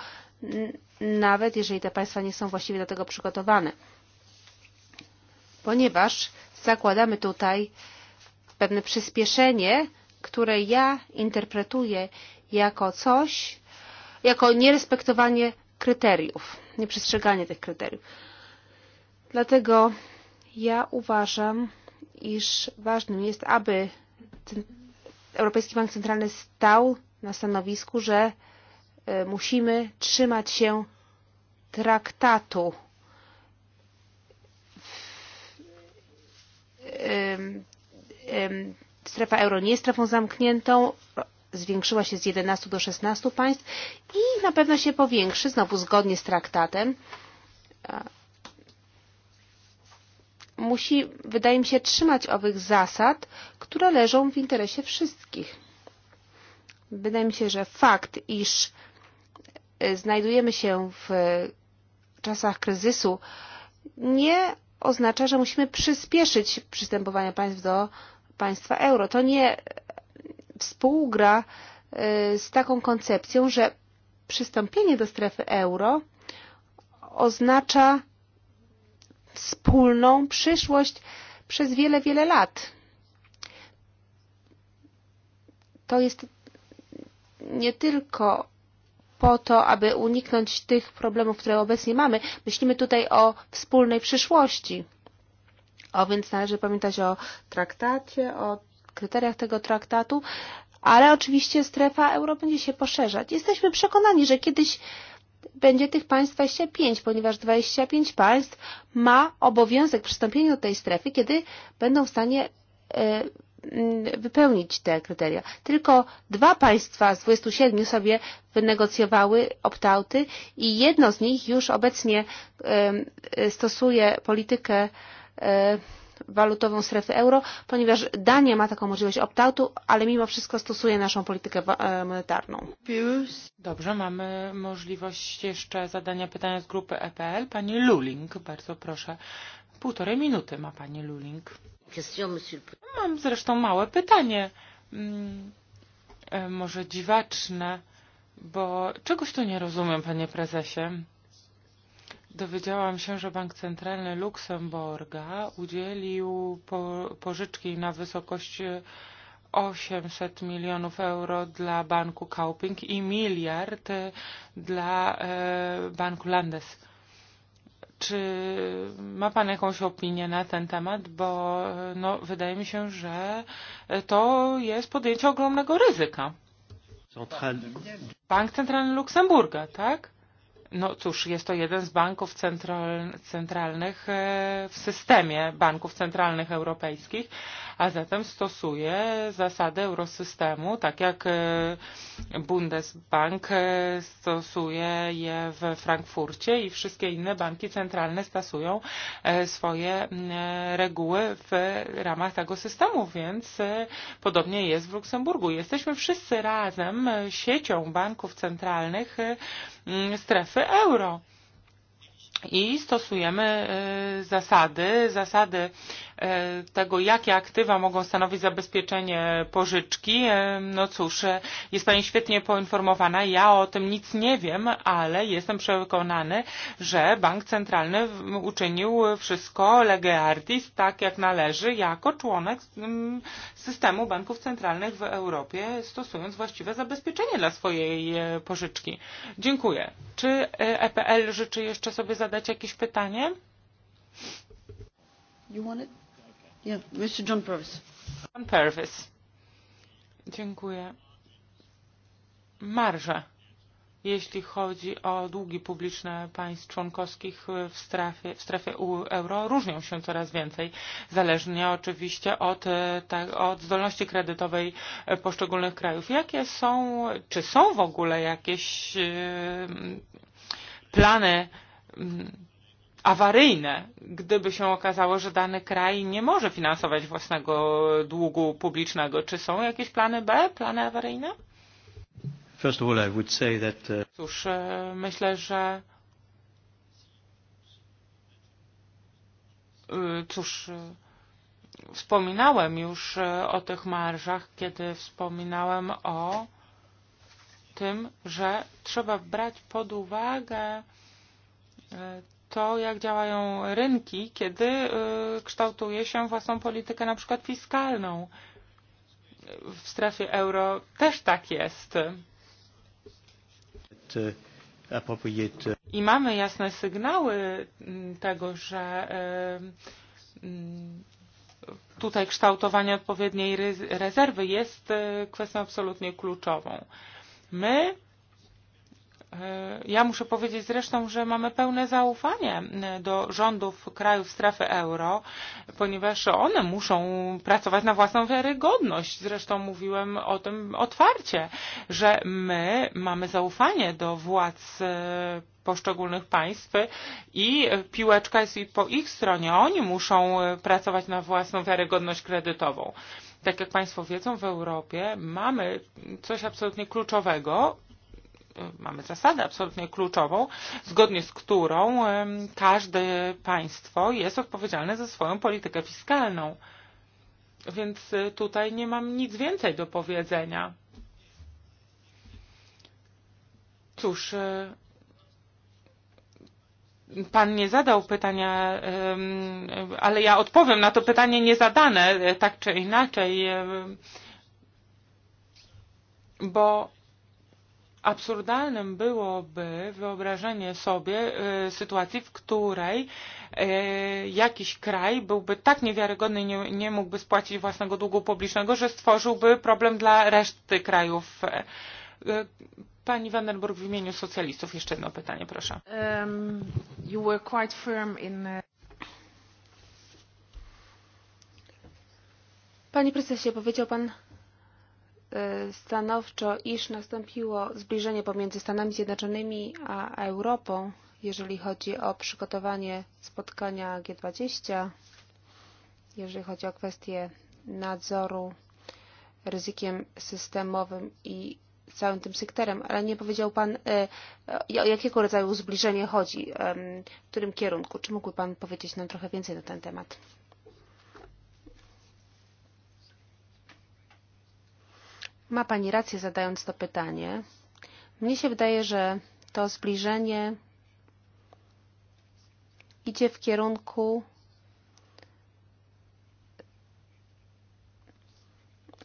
nawet jeżeli te państwa nie są właściwie do tego przygotowane. Ponieważ zakładamy tutaj pewne przyspieszenie, które ja interpretuję jako coś, jako nierespektowanie kryteriów, nieprzestrzeganie tych kryteriów. Dlatego ja uważam, iż ważnym jest, aby Europejski Bank Centralny stał na stanowisku, że musimy trzymać się traktatu. Strefa euro nie jest strefą zamkniętą, zwiększyła się z 11 do 16 państw i na pewno się powiększy, znowu zgodnie z traktatem musi, wydaje mi się, trzymać owych zasad, które leżą w interesie wszystkich. Wydaje mi się, że fakt, iż e, znajdujemy się w czasach kryzysu, nie oznacza, że musimy przyspieszyć przystępowania państw do państwa euro. To nie e, współgra e, z taką koncepcją, że przystąpienie do strefy euro oznacza wspólną przyszłość przez wiele, wiele lat. To jest nie tylko po to, aby uniknąć tych problemów, które obecnie mamy. Myślimy tutaj o wspólnej przyszłości. O więc należy pamiętać o traktacie, o kryteriach tego traktatu, ale oczywiście strefa euro będzie się poszerzać. Jesteśmy przekonani, że kiedyś będzie tych państw 25, ponieważ 25 państw ma obowiązek przystąpienia do tej strefy, kiedy będą w stanie e, mm, wypełnić te kryteria. Tylko dwa państwa z 27 sobie wynegocjowały opt-outy i jedno z nich już obecnie stosuje politykę e, walutową strefy euro, ponieważ Dania ma taką możliwość opt-outu, ale mimo wszystko stosuje naszą politykę e, monetarną. Dobrze, mamy możliwość jeszcze zadania pytania z grupy EPL. Pani Luling, bardzo proszę. Półtorej minuty ma pani Luling. Mam zresztą małe pytanie, mm, e, może dziwaczne, bo czegoś tu nie rozumiem, panie prezesie dowiedziałam się, że Bank Centralny Luksemburga udzielił po, pożyczki na wysokość 800 milionów euro dla banku Kauping i miliard dla e, banku Landes. Czy ma Pan jakąś opinię na ten temat? Bo no, wydaje mi się, że to jest podjęcie ogromnego ryzyka. Central... Bank Centralny Luksemburga, tak? no cóż, jest to jeden z banków central, centralnych e, w systemie banków centralnych europejskich, a zatem stosuje zasady eurosystemu, tak jak e, Bundesbank e, stosuje je w Frankfurcie i wszystkie inne banki centralne stosują swoje reguły w ramach tego systemu, więc podobnie jest w Luksemburgu. Jesteśmy wszyscy razem siecią banków centralnych, Mm, strefy euro. I stosujemy e, zasady, zasady E, tego, jakie aktywa mogą stanowić zabezpieczenie pożyczki. E, no cóż, e, jest Pani świetnie poinformowana. Ja o tym nic nie wiem, ale jestem przekonany, że Bank Centralny uczynił wszystko lege artis, tak jak należy, jako członek mm, systemu banków centralnych w Europie, stosując właściwe zabezpieczenie dla swojej pożyczki. Dziękuję. Czy EPL życzy jeszcze sobie zadać jakieś pytanie? You want it? Marża jeśli chodzi o długi publiczne państw członkowskich w strefie, w strefie euro różnią się coraz więcej, zależnie oczywiście od, e, tak, od zdolności kredytowej e, poszczególnych krajów. Jakie są, czy są w ogóle jakieś e, plany awaryjne, gdyby się okazało, że dany kraj nie może finansować własnego długu publicznego. Czy są jakieś plany B, plany awaryjne? First of all, I would say that, uh... Cóż, e, myślę, że e, cóż, e, wspominałem już o tych marżach, kiedy wspominałem o tym, że trzeba brać pod uwagę to, jak działają rynki, kiedy e, kształtuje się własną politykę na przykład fiskalną. W strefie euro też tak jest. I mamy jasne sygnały tego, że e, tutaj kształtowanie odpowiedniej rezerwy jest e, kwestią absolutnie kluczową. My Eh, ja muszę powiedzieć zresztą, że mamy pełne zaufanie eh, do rządów krajów strefy euro, ponieważ one muszą pracować na własną wiarygodność. Zresztą mówiłem o tym otwarcie, że my mamy zaufanie do władz eh, poszczególnych państw i piłeczka jest i po ich stronie. Oni muszą pracować na własną wiarygodność kredytową. Tak jak Państwo wiedzą, w Europie mamy coś absolutnie kluczowego, mamy zasadę absolutnie kluczową, zgodnie z którą każde państwo jest odpowiedzialne za swoją politykę fiskalną. Więc e, tutaj nie mam nic więcej do powiedzenia. Cóż, e, Pan nie zadał pytania, ale ja odpowiem na to pytanie niezadane, e, tak czy inaczej, bo Absurdalnym byłoby wyobrażenie sobie y, e, sytuacji, w której y, e, jakiś kraj byłby tak niewiarygodny i nie, nie mógłby spłacić własnego długu publicznego, że stworzyłby problem dla reszty krajów. E, pani Vandenberg w imieniu socjalistów jeszcze jedno pytanie, proszę. Um, you were quite firm in... Panie prezesie, powiedział pan E, stanowczo, iż nastąpiło zbliżenie pomiędzy Stanami Zjednoczonymi a Europą, jeżeli chodzi o przygotowanie spotkania G20, jeżeli chodzi o kwestie nadzoru ryzykiem systemowym i całym tym sektorem, ale nie powiedział Pan, e, o jakiego rodzaju zbliżenie chodzi, e, w którym kierunku. Czy mógłby Pan powiedzieć nam trochę więcej na ten temat? Ma Pani rację zadając to pytanie. Mnie się wydaje, że to zbliżenie idzie w kierunku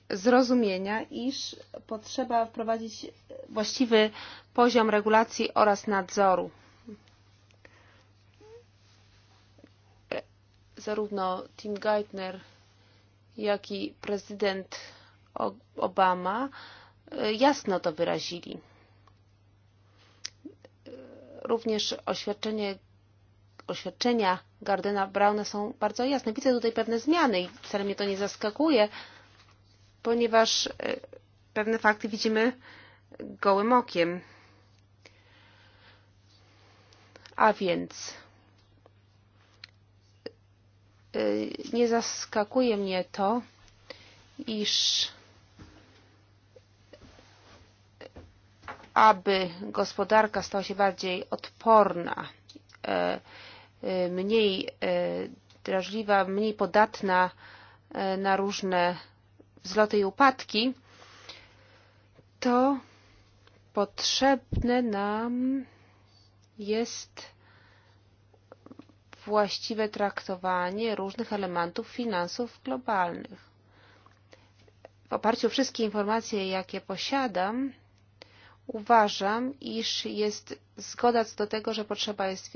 zrozumienia, iż potrzeba wprowadzić właściwy poziom regulacji oraz nadzoru. Zarówno Tim Geithner, jak i prezydent Obama e, jasno to wyrazili. E, również oświadczenie, oświadczenia Gardena Browna są bardzo jasne. Widzę tutaj pewne zmiany i wcale mnie to nie zaskakuje, ponieważ e, pewne fakty widzimy gołym okiem. A więc nie zaskakuje mnie to, iż aby gospodarka stała się bardziej odporna, e, e, mniej e, drażliwa, mniej podatna na różne wzloty i upadki, to potrzebne nam jest właściwe traktowanie różnych elementów finansów globalnych. W oparciu o wszystkie informacje, jakie posiadam, uważam, iż jest zgoda co do tego, że potrzeba jest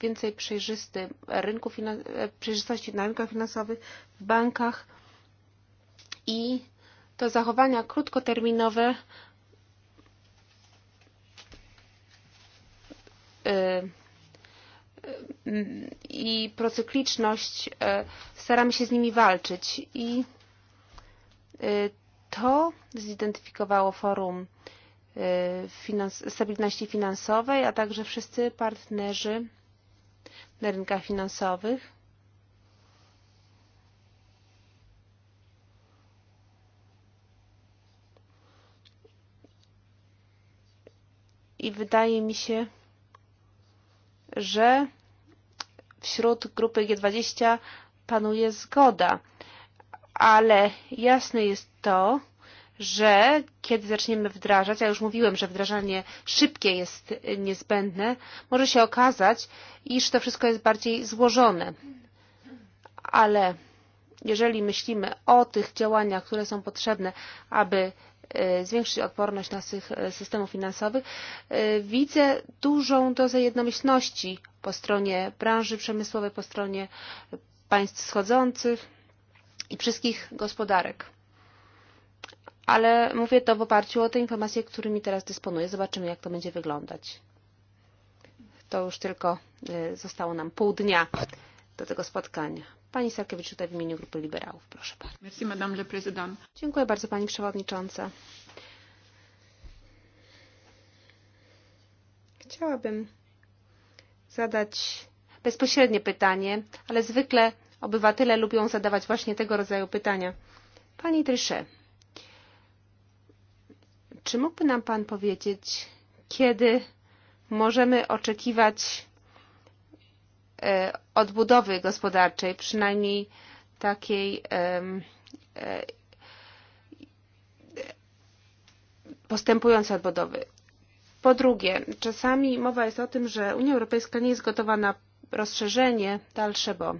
więcej przejrzysty rynku e, przejrzystości na rynkach finansowych, w bankach i to zachowania krótkoterminowe e, i procykliczność, e, staramy się z nimi walczyć i to zidentyfikowało forum finans stabilności finansowej, a także wszyscy partnerzy na rynkach finansowych. I wydaje mi się, że wśród grupy G20 panuje zgoda, ale jasne jest to, że kiedy zaczniemy wdrażać, a ja już mówiłem, że wdrażanie szybkie jest niezbędne, może się okazać, iż to wszystko jest bardziej złożone. Ale jeżeli myślimy o tych działaniach, które są potrzebne, aby e, zwiększyć odporność naszych e, systemów finansowych, e, widzę dużą dozę jednomyślności po stronie branży przemysłowej, po stronie państw schodzących i wszystkich gospodarek ale mówię to w oparciu o te informacje, którymi teraz dysponuję. Zobaczymy, jak to będzie wyglądać. To już tylko e, zostało nam pół dnia do tego spotkania. Pani Sarkiewicz tutaj w imieniu Grupy Liberałów. Proszę bardzo. Merci, Madame le Président. Dziękuję bardzo, Pani Przewodnicząca. Chciałabym zadać bezpośrednie pytanie, ale zwykle obywatele lubią zadawać właśnie tego rodzaju pytania. Pani Trichet, Czy mógłby nam Pan powiedzieć, kiedy możemy oczekiwać e, odbudowy gospodarczej, przynajmniej takiej e, postępującej odbudowy? Po drugie, czasami mowa jest o tym, że Unia Europejska nie jest gotowa na rozszerzenie dalsze, bo,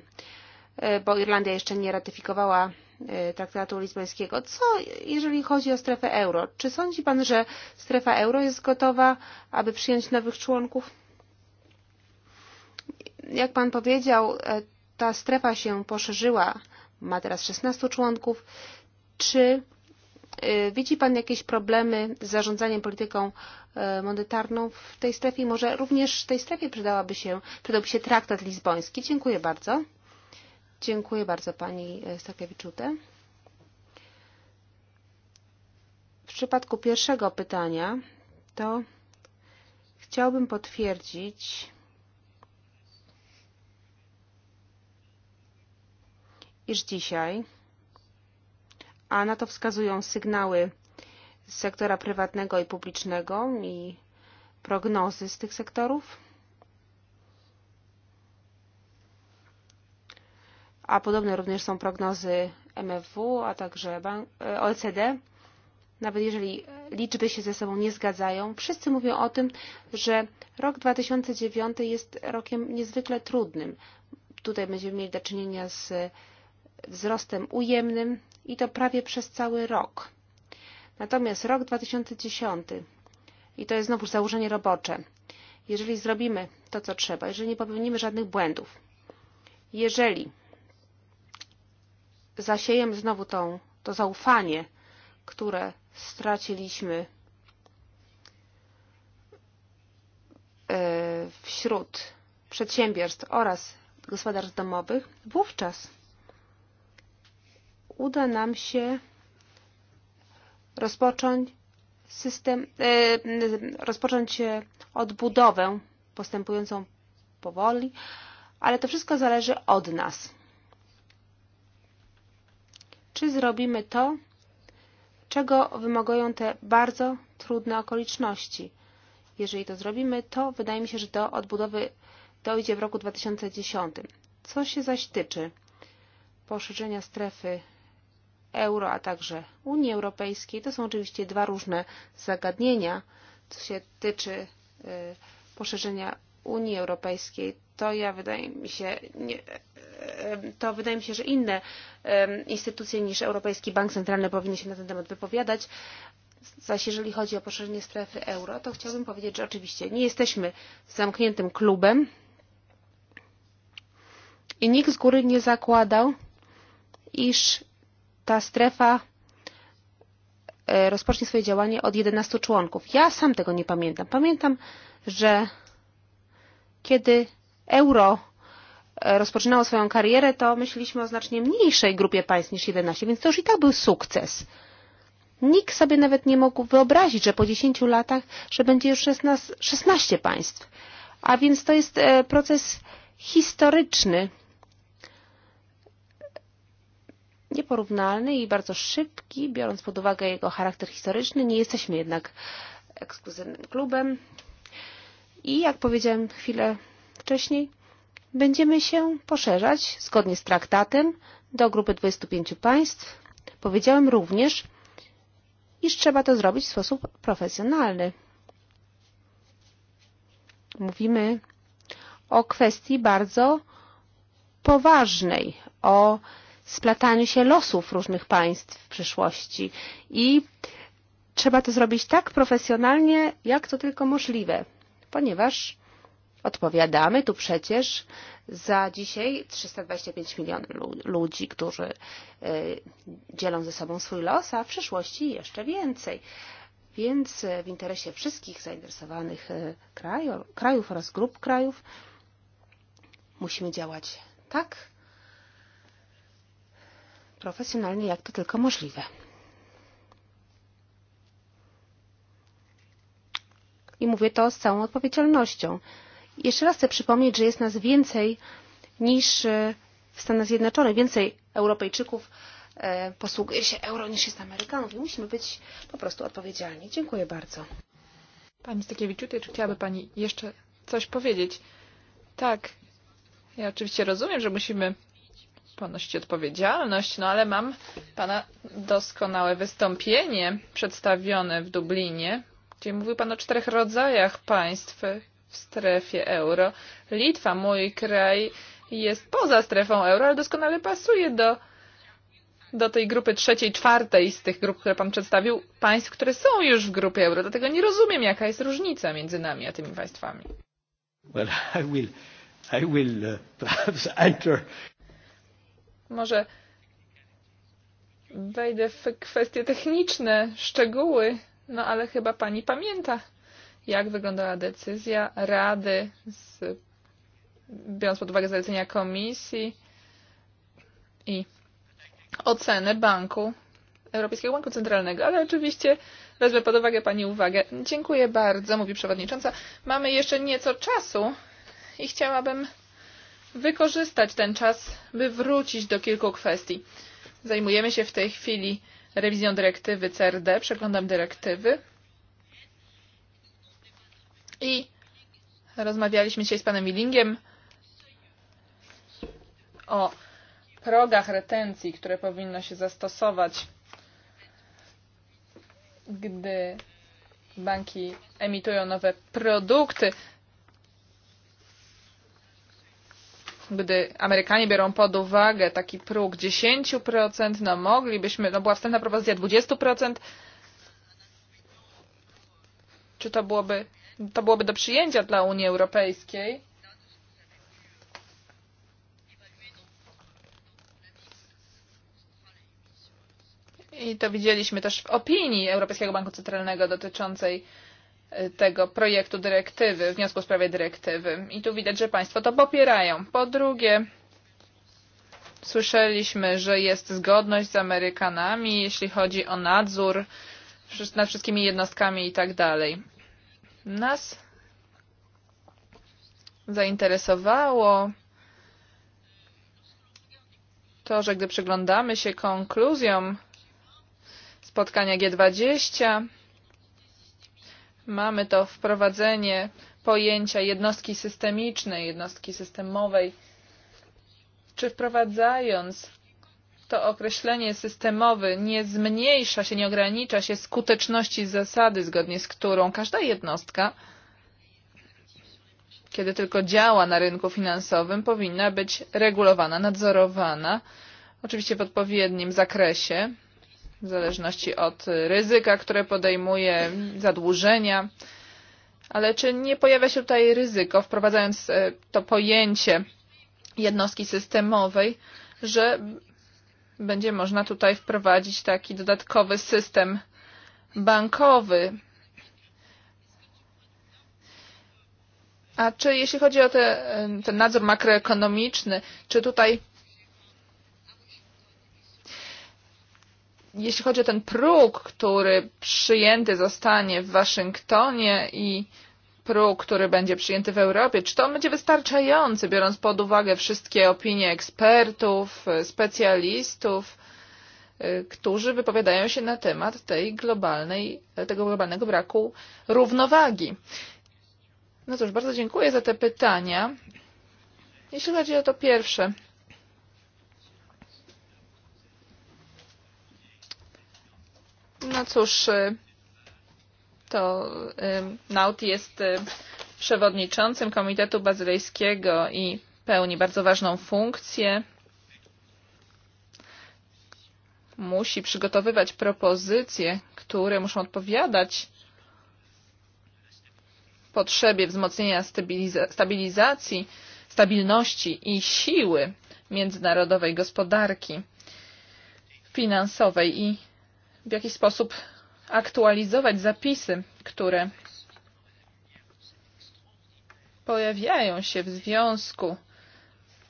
e, bo Irlandia jeszcze nie ratyfikowała E, traktatu lizbońskiego. Co jeżeli chodzi o strefę euro? Czy sądzi Pan, że strefa euro jest gotowa, aby przyjąć nowych członków? Jak Pan powiedział, e, ta strefa się poszerzyła, ma teraz 16 członków. Czy e, widzi Pan jakieś problemy z zarządzaniem polityką monetarną w tej strefie? Może również w tej strefie przydałaby się, przydałby się traktat lizboński? Dziękuję bardzo. Dziękuję bardzo pani e, Sakiewiczute. W przypadku pierwszego pytania to chciałbym potwierdzić, iż dzisiaj, a na to wskazują sygnały z sektora prywatnego i publicznego i prognozy z tych sektorów, a podobne również są prognozy MFW, a także OECD. Nawet no, jeżeli liczby się ze sobą nie zgadzają, wszyscy mówią o tym, że rok 2009 jest rokiem niezwykle trudnym. Tutaj będziemy mieli do czynienia z wzrostem ujemnym i to prawie przez cały rok. Natomiast rok 2010 i to jest znowu założenie robocze. Jeżeli zrobimy to, co trzeba, jeżeli nie popełnimy żadnych błędów, jeżeli zasiejemy znowu tą, to zaufanie, które straciliśmy e, wśród przedsiębiorstw oraz gospodarstw domowych, wówczas uda nam się rozpocząć system, e, rozpocząć e, odbudowę postępującą powoli, ale to wszystko zależy od nas czy zrobimy to, czego wymagają te bardzo trudne okoliczności. Jeżeli to zrobimy, to wydaje mi się, że do odbudowy dojdzie w roku 2010. Co się zaś tyczy poszerzenia strefy euro, a także Unii Europejskiej, to są oczywiście dwa różne zagadnienia. Co się tyczy poszerzenia Unii Europejskiej, to ja wydaje mi się, nie, to wydaje mi się, że inne instytucje niż Europejski Bank Centralny powinny się na ten temat wypowiadać. Zaś jeżeli chodzi o poszerzenie strefy euro, to chciałbym powiedzieć, że oczywiście nie jesteśmy zamkniętym klubem i nikt z góry nie zakładał, iż ta strefa e, rozpocznie swoje działanie od 11 członków. Ja sam tego nie pamiętam. Pamiętam, że kiedy euro e, rozpoczynało swoją karierę, to myśleliśmy o znacznie mniejszej grupie państw niż 11, więc to już i tak był sukces. Nikt sobie nawet nie mógł wyobrazić, że po 10 latach, że będzie już 16, 16 państw. A więc to jest e, proces historyczny, nieporównalny i bardzo szybki, biorąc pod uwagę jego charakter historyczny. Nie jesteśmy jednak ekskluzywnym klubem. I jak powiedziałem chwilę wcześniej, będziemy się poszerzać zgodnie z traktatem do grupy 25 państw. Powiedziałem również, iż trzeba to zrobić w sposób profesjonalny. Mówimy o kwestii bardzo poważnej, o splataniu się losów różnych państw w przyszłości i trzeba to zrobić tak profesjonalnie, jak to tylko możliwe, ponieważ odpowiadamy tu przecież za dzisiaj 325 milionów ludzi, którzy e, dzielą ze sobą swój los, a w przyszłości jeszcze więcej. Więc e, w interesie wszystkich zainteresowanych e, krajów oraz grup krajów musimy działać tak profesjonalnie, jak to tylko możliwe. I mówię to z całą odpowiedzialnością. Jeszcze raz chcę przypomnieć, że jest nas więcej niż e, w Stanach Zjednoczonych, więcej Europejczyków e, posługuje się euro niż jest Amerykanów i musimy być po prostu odpowiedzialni. Dziękuję bardzo. Pani Stakiewicz, czy chciałaby Pani jeszcze coś powiedzieć? Tak, ja oczywiście rozumiem, że musimy ponosić odpowiedzialność, no ale mam Pana doskonałe wystąpienie przedstawione w Dublinie, gdzie mówił Pan o czterech rodzajach państw, w strefie euro. Litwa, mój kraj, jest poza strefą euro, ale doskonale pasuje do, do tej grupy trzeciej, czwartej z tych grup, które Pan przedstawił, państw, które są już w grupie euro. Dlatego nie rozumiem, jaka jest różnica między nami a tymi państwami. Well, I will, I will uh, enter. Może wejdę w kwestie techniczne, szczegóły, no ale chyba Pani pamięta jak wyglądała decyzja Rady, z, biorąc pod uwagę zalecenia Komisji i ocenę banku, Europejskiego Banku Centralnego, ale oczywiście wezmę pod uwagę Pani uwagę. Dziękuję bardzo, mówi przewodnicząca. Mamy jeszcze nieco czasu i chciałabym wykorzystać ten czas, by wrócić do kilku kwestii. Zajmujemy się w tej chwili rewizją dyrektywy CRD, przeglądam dyrektywy i rozmawialiśmy dzisiaj z panem Willingiem o progach retencji, które powinno się zastosować, gdy banki emitują nowe produkty, gdy Amerykanie biorą pod uwagę taki próg 10%, no moglibyśmy, no była wstępna propozycja 20%, czy to byłoby to byłoby do przyjęcia dla Unii Europejskiej. I to widzieliśmy też w opinii Europejskiego Banku Centralnego dotyczącej e, tego projektu dyrektywy, wniosku w sprawie dyrektywy. I tu widać, że państwo to popierają. Po drugie, słyszeliśmy, że jest zgodność z Amerykanami, jeśli chodzi o nadzór nad wszystkimi jednostkami i tak dalej. Nas zainteresowało to, że gdy przyglądamy się konkluzjom spotkania G20, mamy to wprowadzenie pojęcia jednostki systemicznej, jednostki systemowej, czy wprowadzając to określenie systemowy nie zmniejsza się, nie ogranicza się skuteczności zasady, zgodnie z którą każda jednostka, kiedy tylko działa na rynku finansowym, powinna być regulowana, nadzorowana, oczywiście w odpowiednim zakresie, w zależności od ryzyka, które podejmuje, zadłużenia. Ale czy nie pojawia się tutaj ryzyko, wprowadzając e, to pojęcie jednostki systemowej, że będzie można tutaj wprowadzić taki dodatkowy system bankowy. A czy jeśli chodzi o te, ten nadzór makroekonomiczny, czy tutaj, jeśli chodzi o ten próg, który przyjęty zostanie w Waszyngtonie i próg, który będzie przyjęty w Europie, czy to on będzie wystarczający, biorąc pod uwagę wszystkie opinie ekspertów, specjalistów, którzy wypowiadają się na temat tej globalnej, tego globalnego braku równowagi. No cóż, bardzo dziękuję za te pytania. Jeśli chodzi o to pierwsze, no cóż, to naut jest przewodniczącym Komitetu Bazylejskiego i pełni bardzo ważną funkcję. Musi przygotowywać propozycje, które muszą odpowiadać potrzebie wzmocnienia stabiliza stabilizacji, stabilności i siły międzynarodowej gospodarki finansowej i w jaki sposób aktualizować zapisy, które pojawiają się w związku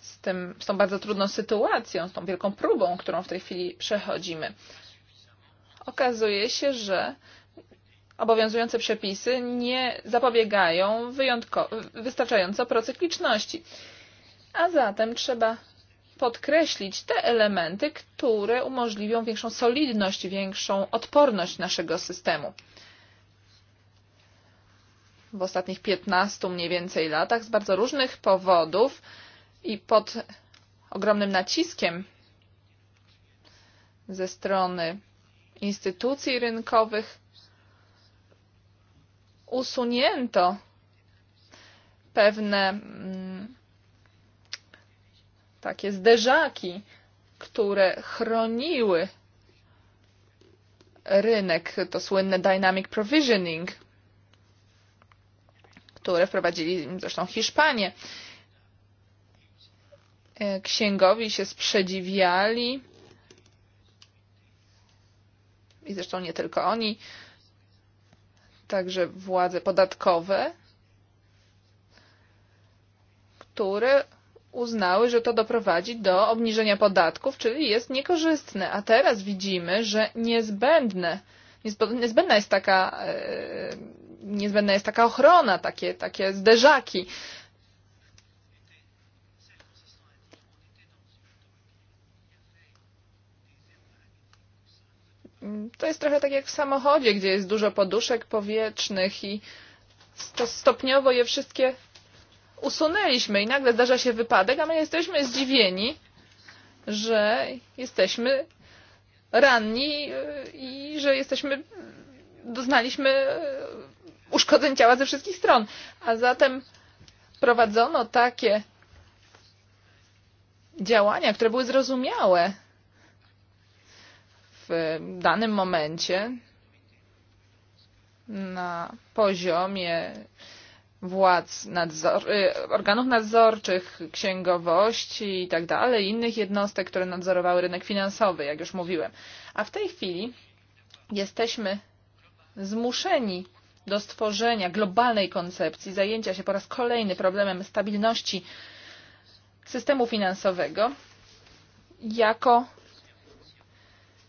z, tym, z tą bardzo trudną sytuacją, z tą wielką próbą, którą w tej chwili przechodzimy. Okazuje się, że obowiązujące przepisy nie zapobiegają wystarczająco procykliczności. A zatem trzeba podkreślić te elementy, które umożliwią większą solidność, większą odporność naszego systemu. W ostatnich 15 mniej więcej latach z bardzo różnych powodów i pod ogromnym naciskiem ze strony instytucji rynkowych usunięto pewne mm, takie zderzaki, które chroniły rynek, to słynne dynamic provisioning, które wprowadzili zresztą Hiszpanie. E, księgowi się sprzedziwiali i zresztą nie tylko oni, także władze podatkowe, które uznały, że to doprowadzi do obniżenia podatków, czyli jest niekorzystne. A teraz widzimy, że niezbędne, niezbędna jest taka, e, niezbędna jest taka ochrona, takie, takie zderzaki. To jest trochę tak jak w samochodzie, gdzie jest dużo poduszek powietrznych i stopniowo je wszystkie usunęliśmy i nagle zdarza się wypadek, a my jesteśmy zdziwieni, że jesteśmy ranni i że jesteśmy, doznaliśmy uszkodzeń ciała ze wszystkich stron. A zatem prowadzono takie działania, które były zrozumiałe w danym momencie na poziomie władz nadzor, organów nadzorczych, księgowości i tak dalej, innych jednostek, które nadzorowały rynek finansowy, jak już mówiłem. A w tej chwili jesteśmy zmuszeni do stworzenia globalnej koncepcji, zajęcia się po raz kolejny problemem stabilności systemu finansowego jako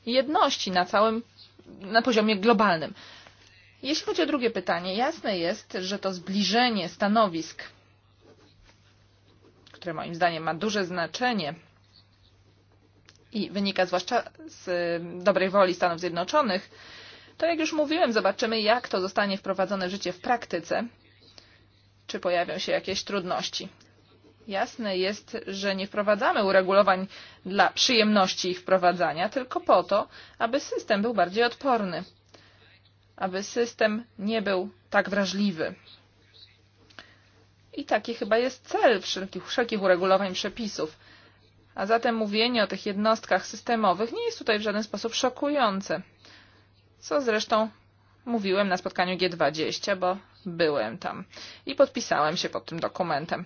jedności na całym, na poziomie globalnym. Jeśli chodzi o drugie pytanie, jasne jest, że to zbliżenie stanowisk, które moim zdaniem ma duże znaczenie i wynika zwłaszcza z dobrej woli Stanów Zjednoczonych, to jak już mówiłem, zobaczymy, jak to zostanie wprowadzone w życie w praktyce, czy pojawią się jakieś trudności. Jasne jest, że nie wprowadzamy uregulowań dla przyjemności ich wprowadzania, tylko po to, aby system był bardziej odporny aby system nie był tak wrażliwy. I taki chyba jest cel wszelkich, wszelkich uregulowań przepisów. A zatem mówienie o tych jednostkach systemowych nie jest tutaj w żaden sposób szokujące. Co zresztą mówiłem na spotkaniu G20, bo byłem tam i podpisałem się pod tym dokumentem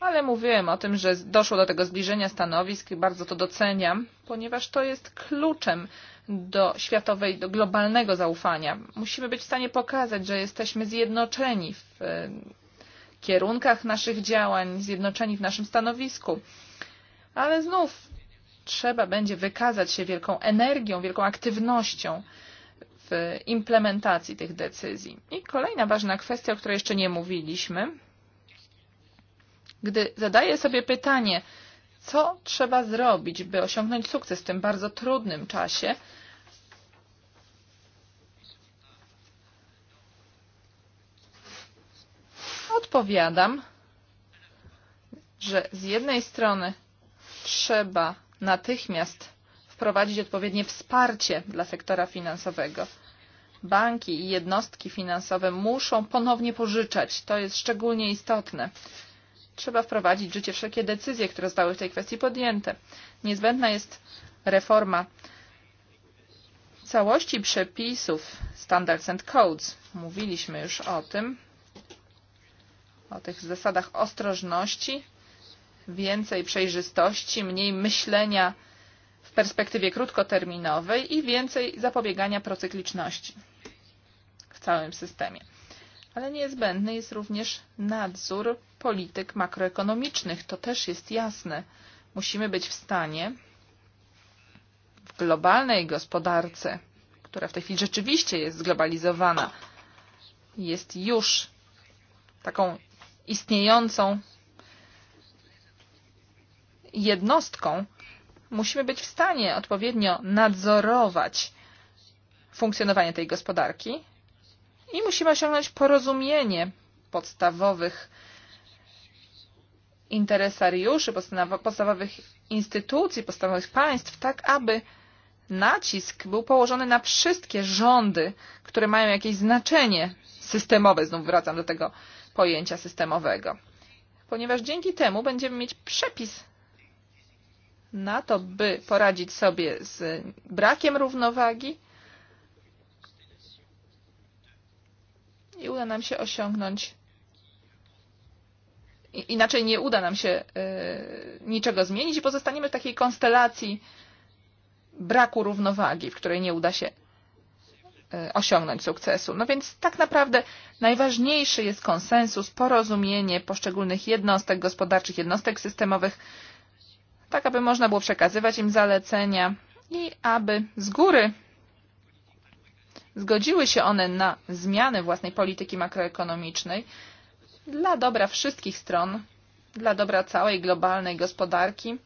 ale mówiłem o tym, że doszło do tego zbliżenia stanowisk i bardzo to doceniam, ponieważ to jest kluczem do światowej, do globalnego zaufania. Musimy być w stanie pokazać, że jesteśmy zjednoczeni w e, kierunkach naszych działań, zjednoczeni w naszym stanowisku. Ale znów trzeba będzie wykazać się wielką energią, wielką aktywnością w implementacji tych decyzji. I kolejna ważna kwestia, o której jeszcze nie mówiliśmy, gdy zadaję sobie pytanie, co trzeba zrobić, by osiągnąć sukces w tym bardzo trudnym czasie, odpowiadam, że z jednej strony trzeba natychmiast wprowadzić odpowiednie wsparcie dla sektora finansowego. Banki i jednostki finansowe muszą ponownie pożyczać. To jest szczególnie istotne trzeba wprowadzić w życie wszelkie decyzje, które zostały w tej kwestii podjęte. Niezbędna jest reforma całości przepisów Standards and Codes. Mówiliśmy już o tym, o tych zasadach ostrożności, więcej przejrzystości, mniej myślenia w perspektywie krótkoterminowej i więcej zapobiegania procykliczności w całym systemie ale niezbędny jest również nadzór polityk makroekonomicznych. To też jest jasne. Musimy być w stanie w globalnej gospodarce, która w tej chwili rzeczywiście jest zglobalizowana, jest już taką istniejącą jednostką, musimy być w stanie odpowiednio nadzorować funkcjonowanie tej gospodarki i musimy osiągnąć porozumienie podstawowych interesariuszy, podstawowych instytucji, podstawowych państw, tak aby nacisk był położony na wszystkie rządy, które mają jakieś znaczenie systemowe. Znów wracam do tego pojęcia systemowego. Ponieważ dzięki temu będziemy mieć przepis na to, by poradzić sobie z brakiem równowagi i uda nam się osiągnąć. inaczej nie uda nam się y, e, niczego zmienić i pozostaniemy w takiej konstelacji braku równowagi, w której nie uda się y, e, osiągnąć sukcesu. No więc tak naprawdę najważniejszy jest konsensus, porozumienie poszczególnych jednostek gospodarczych, jednostek systemowych, tak aby można było przekazywać im zalecenia i aby z góry zgodziły się one na zmianę własnej polityki makroekonomicznej dla dobra wszystkich stron, dla dobra całej globalnej gospodarki,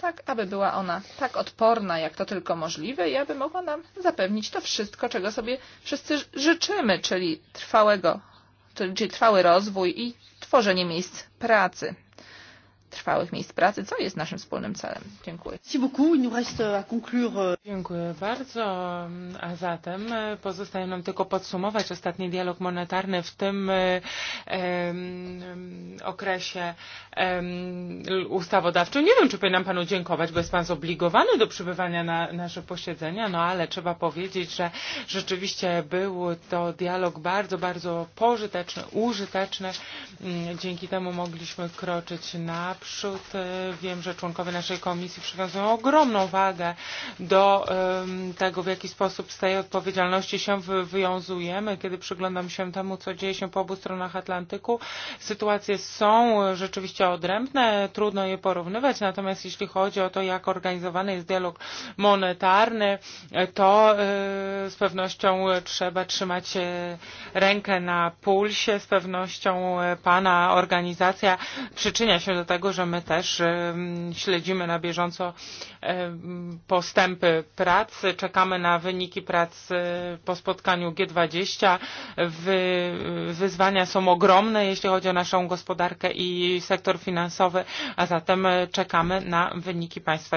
tak aby była ona tak odporna, jak to tylko możliwe i aby mogła nam zapewnić to wszystko, czego sobie wszyscy życzymy, czyli trwałego, czyli trwały rozwój i tworzenie miejsc pracy trwałych miejsc pracy, co jest naszym wspólnym celem. Dziękuję. Euh, Dziękuję bardzo. A zatem e, pozostaje nam tylko podsumować ostatni dialog monetarny w tym e, okresie ustawodawczym. Nie wiem, czy powinnam panu dziękować, bo jest pan zobligowany do przybywania na nasze posiedzenia, no ale trzeba powiedzieć, że rzeczywiście był to dialog bardzo, bardzo pożyteczny, użyteczny. Mm, dzięki temu mogliśmy kroczyć naprzód Schut, wiem, że członkowie naszej komisji przywiązują ogromną wagę do tego, w jaki sposób z tej odpowiedzialności się wywiązujemy. Kiedy przyglądam się temu, co dzieje się po obu stronach Atlantyku, sytuacje są rzeczywiście odrębne, trudno je porównywać, natomiast jeśli chodzi o to, jak organizowany jest dialog monetarny, to z pewnością trzeba trzymać rękę na pulsie, z pewnością Pana organizacja przyczynia się do tego, że my też śledzimy na bieżąco postępy prac, czekamy na wyniki prac e, po spotkaniu G20. Wyzwania są ogromne, jeśli chodzi o naszą gospodarkę i sektor finansowy, a zatem czekamy na wyniki państwa